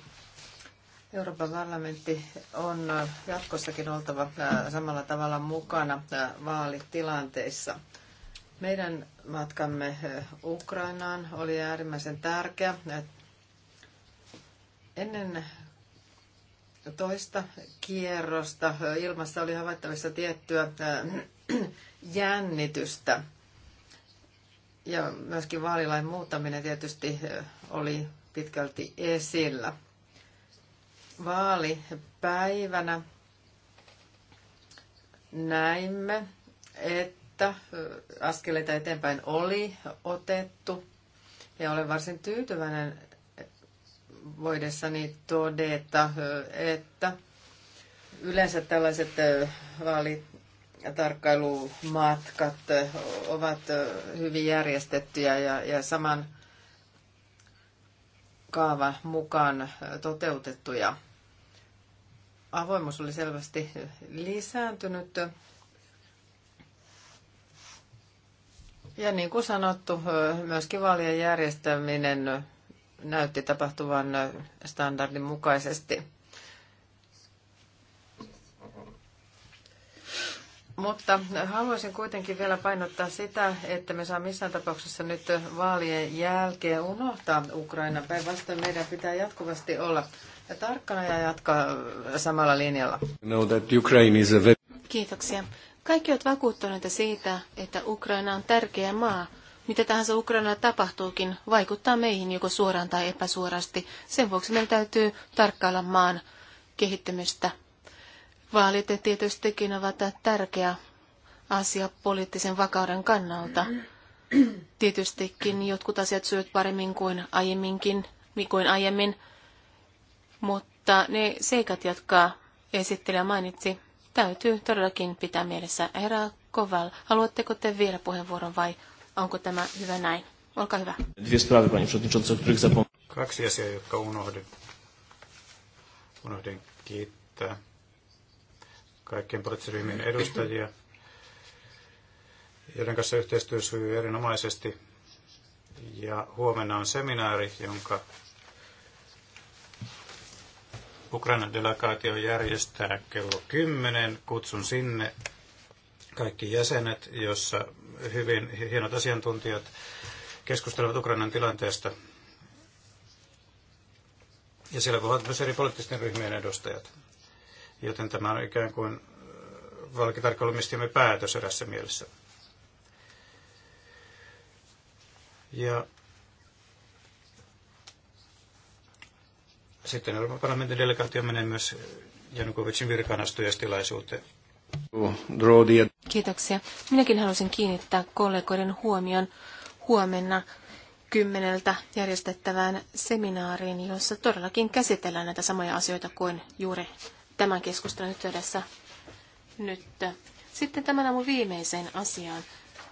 Euroopan parlamentti on jatkossakin oltava samalla tavalla mukana vaalitilanteissa. Meidän matkamme Ukrainaan oli äärimmäisen tärkeä Ennen toista kierrosta ilmassa oli havaittavissa tiettyä äh, jännitystä. Ja myöskin vaalilain muuttaminen tietysti äh, oli pitkälti esillä. Vaalipäivänä näimme, että äh, askeleita eteenpäin oli otettu. Ja olen varsin tyytyväinen voidessani todeta, että yleensä tällaiset vaalitarkkailumatkat ovat hyvin järjestettyjä ja, ja saman kaavan mukaan toteutettuja. Avoimuus oli selvästi lisääntynyt. Ja niin kuin sanottu, myöskin vaalien järjestäminen näytti tapahtuvan standardin mukaisesti. Mutta haluaisin kuitenkin vielä painottaa sitä, että me saa missään tapauksessa nyt vaalien jälkeen unohtaa Ukraina. Päinvastoin meidän pitää jatkuvasti olla tarkkana ja jatkaa samalla linjalla. No, that Ukraine is a very... Kiitoksia. Kaikki ovat vakuuttuneita siitä, että Ukraina on tärkeä maa mitä tahansa Ukraina tapahtuukin, vaikuttaa meihin joko suoraan tai epäsuorasti. Sen vuoksi meidän täytyy tarkkailla maan kehittymistä. Vaalit tietystikin ovat tärkeä asia poliittisen vakauden kannalta. Tietystikin jotkut asiat syöt paremmin kuin aiemminkin, kuin aiemmin, mutta ne seikat, jotka esittelijä mainitsi, täytyy todellakin pitää mielessä. Herra Koval, haluatteko te vielä puheenvuoron vai Onko tämä hyvä näin? Olkaa hyvä. Kaksi asiaa, jotka unohdin. Unohdin kiittää kaikkien poliittisryhmien edustajia, joiden kanssa yhteistyö sujuu erinomaisesti. Ja huomenna on seminaari, jonka Ukrainan delegaatio järjestää kello 10. Kutsun sinne kaikki jäsenet, jossa hyvin hienot asiantuntijat keskustelevat Ukrainan tilanteesta. Ja siellä puhuvat myös eri poliittisten ryhmien edustajat. Joten tämä on ikään kuin äh, valkitarkkailumistimme päätös erässä mielessä. Ja sitten Euroopan parlamentin delegaatio menee myös Janukovicin virkaanastujastilaisuuteen. Kiitoksia. Minäkin halusin kiinnittää kollegoiden huomion huomenna kymmeneltä järjestettävään seminaariin, jossa todellakin käsitellään näitä samoja asioita kuin juuri tämän keskustelun yhteydessä nyt. Sitten tämän aamun viimeiseen asiaan.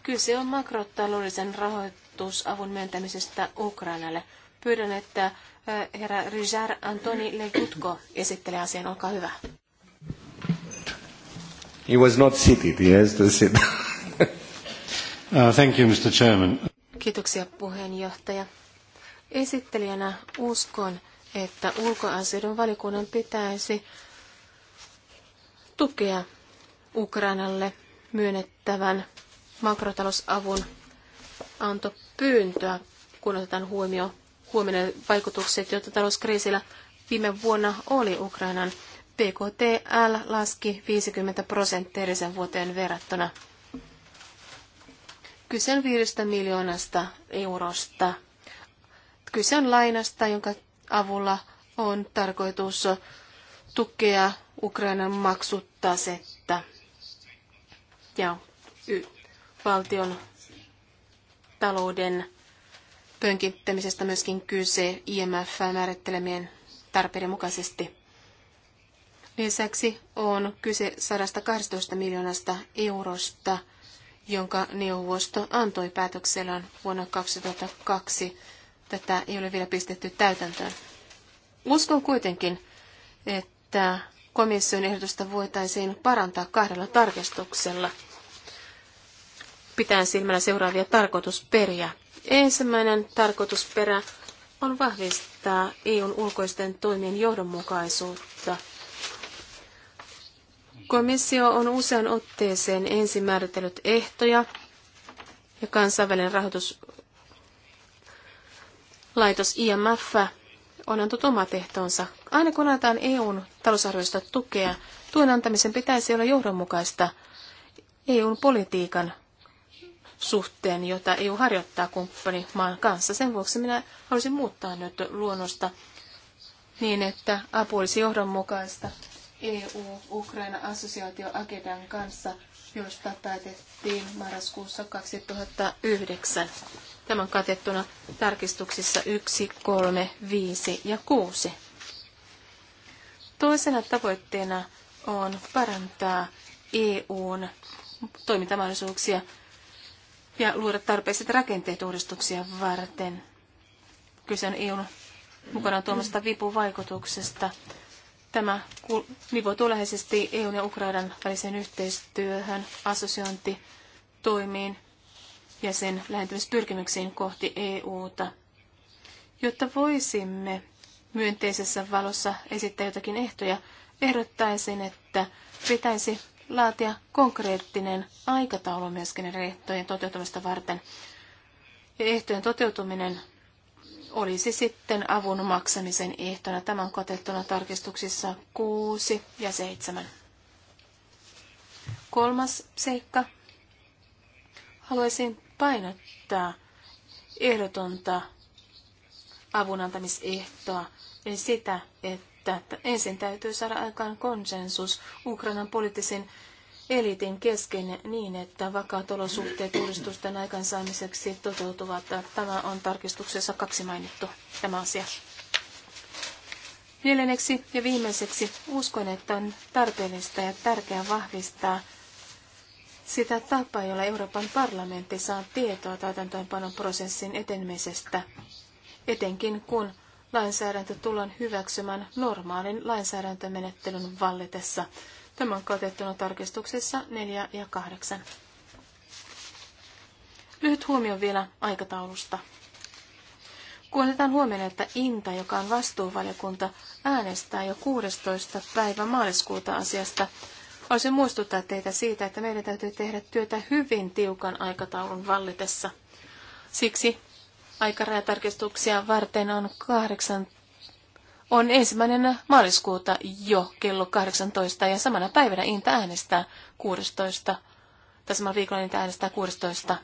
Kyse on makrotaloudellisen rahoitusavun myöntämisestä Ukrainalle. Pyydän, että äh, herra Rijar Antoni Legutko esittelee asian. Olkaa hyvä. He was not seated, he has to sit. uh, thank you, Mr. Chairman. Kiitoksia puheenjohtaja. Esittelijänä uskon, että ulkoasioiden valikunnan pitäisi tukea Ukrainalle myönnettävän makrotalousavun antopyyntöä, kun otetaan huomioon huomioon vaikutukset, joita talouskriisillä viime vuonna oli Ukrainan PKTL laski 50 prosenttia edellisen vuoteen verrattuna. Kyse on 5 miljoonasta eurosta. Kyse on lainasta, jonka avulla on tarkoitus tukea Ukrainan maksutasetta ja valtion talouden pönkittämisestä myöskin kyse IMF määrittelemien tarpeiden mukaisesti. Lisäksi on kyse 112 miljoonasta eurosta, jonka neuvosto antoi päätöksellään vuonna 2002. Tätä ei ole vielä pistetty täytäntöön. Uskon kuitenkin, että komission ehdotusta voitaisiin parantaa kahdella tarkistuksella. Pitää silmällä seuraavia tarkoitusperiä. Ensimmäinen tarkoitusperä on vahvistaa EUn ulkoisten toimien johdonmukaisuutta Komissio on usean otteeseen ensin määritellyt ehtoja ja kansainvälinen rahoituslaitos IMF on antanut omat ehtonsa. Aina kun annetaan EUn talousarviosta tukea, tuen antamisen pitäisi olla johdonmukaista EUn politiikan suhteen, jota EU harjoittaa kumppanimaan kanssa. Sen vuoksi minä haluaisin muuttaa nyt luonnosta niin, että apu olisi johdonmukaista EU-Ukraina-assosiaatioagendan kanssa, josta päätettiin marraskuussa 2009. Tämä on katettuna tarkistuksissa 1, 3, 5 ja 6. Toisena tavoitteena on parantaa EUn toimintamahdollisuuksia ja luoda tarpeiset rakenteet uudistuksia varten. Kyse on EUn mukana tuomasta vipuvaikutuksesta. Tämä nivoutuu läheisesti EUn ja Ukrainan väliseen yhteistyöhön, assosiointitoimiin ja sen lähentymispyrkimyksiin kohti EUta. Jotta voisimme myönteisessä valossa esittää jotakin ehtoja, ehdottaisin, että pitäisi laatia konkreettinen aikataulu myöskin näiden ehtojen toteutumista varten. Ja ehtojen toteutuminen olisi sitten avun maksamisen ehtona. Tämän katettuna tarkistuksissa 6 ja 7. Kolmas seikka. Haluaisin painottaa ehdotonta avunantamisehtoa, eli sitä, että ensin täytyy saada aikaan konsensus Ukrainan poliittisen eliitin kesken niin, että vakaat olosuhteet uudistusten aikaansaamiseksi toteutuvat. Tämä on tarkistuksessa kaksi mainittu tämä asia. Neljänneksi ja viimeiseksi uskon, että on tarpeellista ja tärkeää vahvistaa sitä tapaa, jolla Euroopan parlamentti saa tietoa täytäntöönpanon prosessin etenemisestä, etenkin kun lainsäädäntö tullaan hyväksymään normaalin lainsäädäntömenettelyn vallitessa. Tämä on katettuna tarkistuksessa 4 ja 8. Lyhyt huomio vielä aikataulusta. Kun otetaan huomioon, että Inta, joka on vastuuvaliokunta, äänestää jo 16. päivä maaliskuuta asiasta, Haluaisin muistuttaa teitä siitä, että meidän täytyy tehdä työtä hyvin tiukan aikataulun vallitessa. Siksi aikarajatarkistuksia varten on 8, on ensimmäinen maaliskuuta jo kello 18 ja samana päivänä Inta äänestää 16. Tässä samalla viikolla Inta äänestää 16.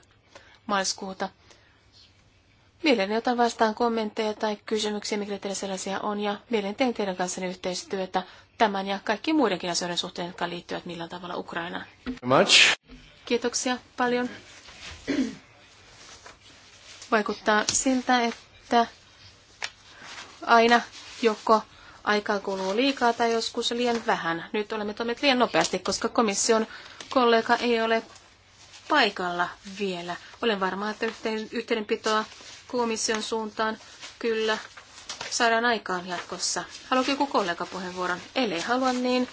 maaliskuuta. Mielelläni otan vastaan kommentteja tai kysymyksiä, mikä teillä sellaisia on, ja mielelläni teen teidän kanssanne yhteistyötä tämän ja kaikki muidenkin asioiden suhteen, jotka liittyvät millään tavalla Ukrainaan. Much. Kiitoksia paljon. Vaikuttaa siltä, että aina joko aikaa kuluu liikaa tai joskus liian vähän. Nyt olemme toimineet liian nopeasti, koska komission kollega ei ole paikalla vielä. Olen varma, että yhteydenpitoa komission suuntaan kyllä saadaan aikaan jatkossa. Haluatko joku kollega puheenvuoron? Ellei halua, niin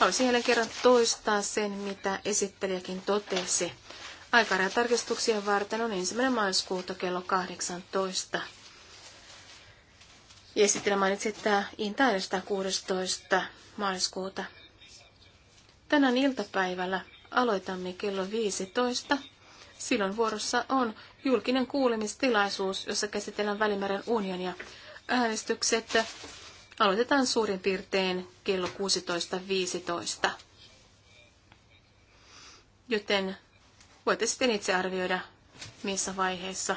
haluaisin jälleen kerran toistaa sen, mitä esittelijäkin totesi. Aikarajatarkistuksia varten on ensimmäinen maaliskuuta kello 18. Ja sitten mainitsi, että Intaarista 16. maaliskuuta. Tänään iltapäivällä aloitamme kello 15. Silloin vuorossa on julkinen kuulemistilaisuus, jossa käsitellään Välimeren unionia. Äänestykset aloitetaan suurin piirtein kello 16.15. Joten voitte sitten itse arvioida, missä vaiheessa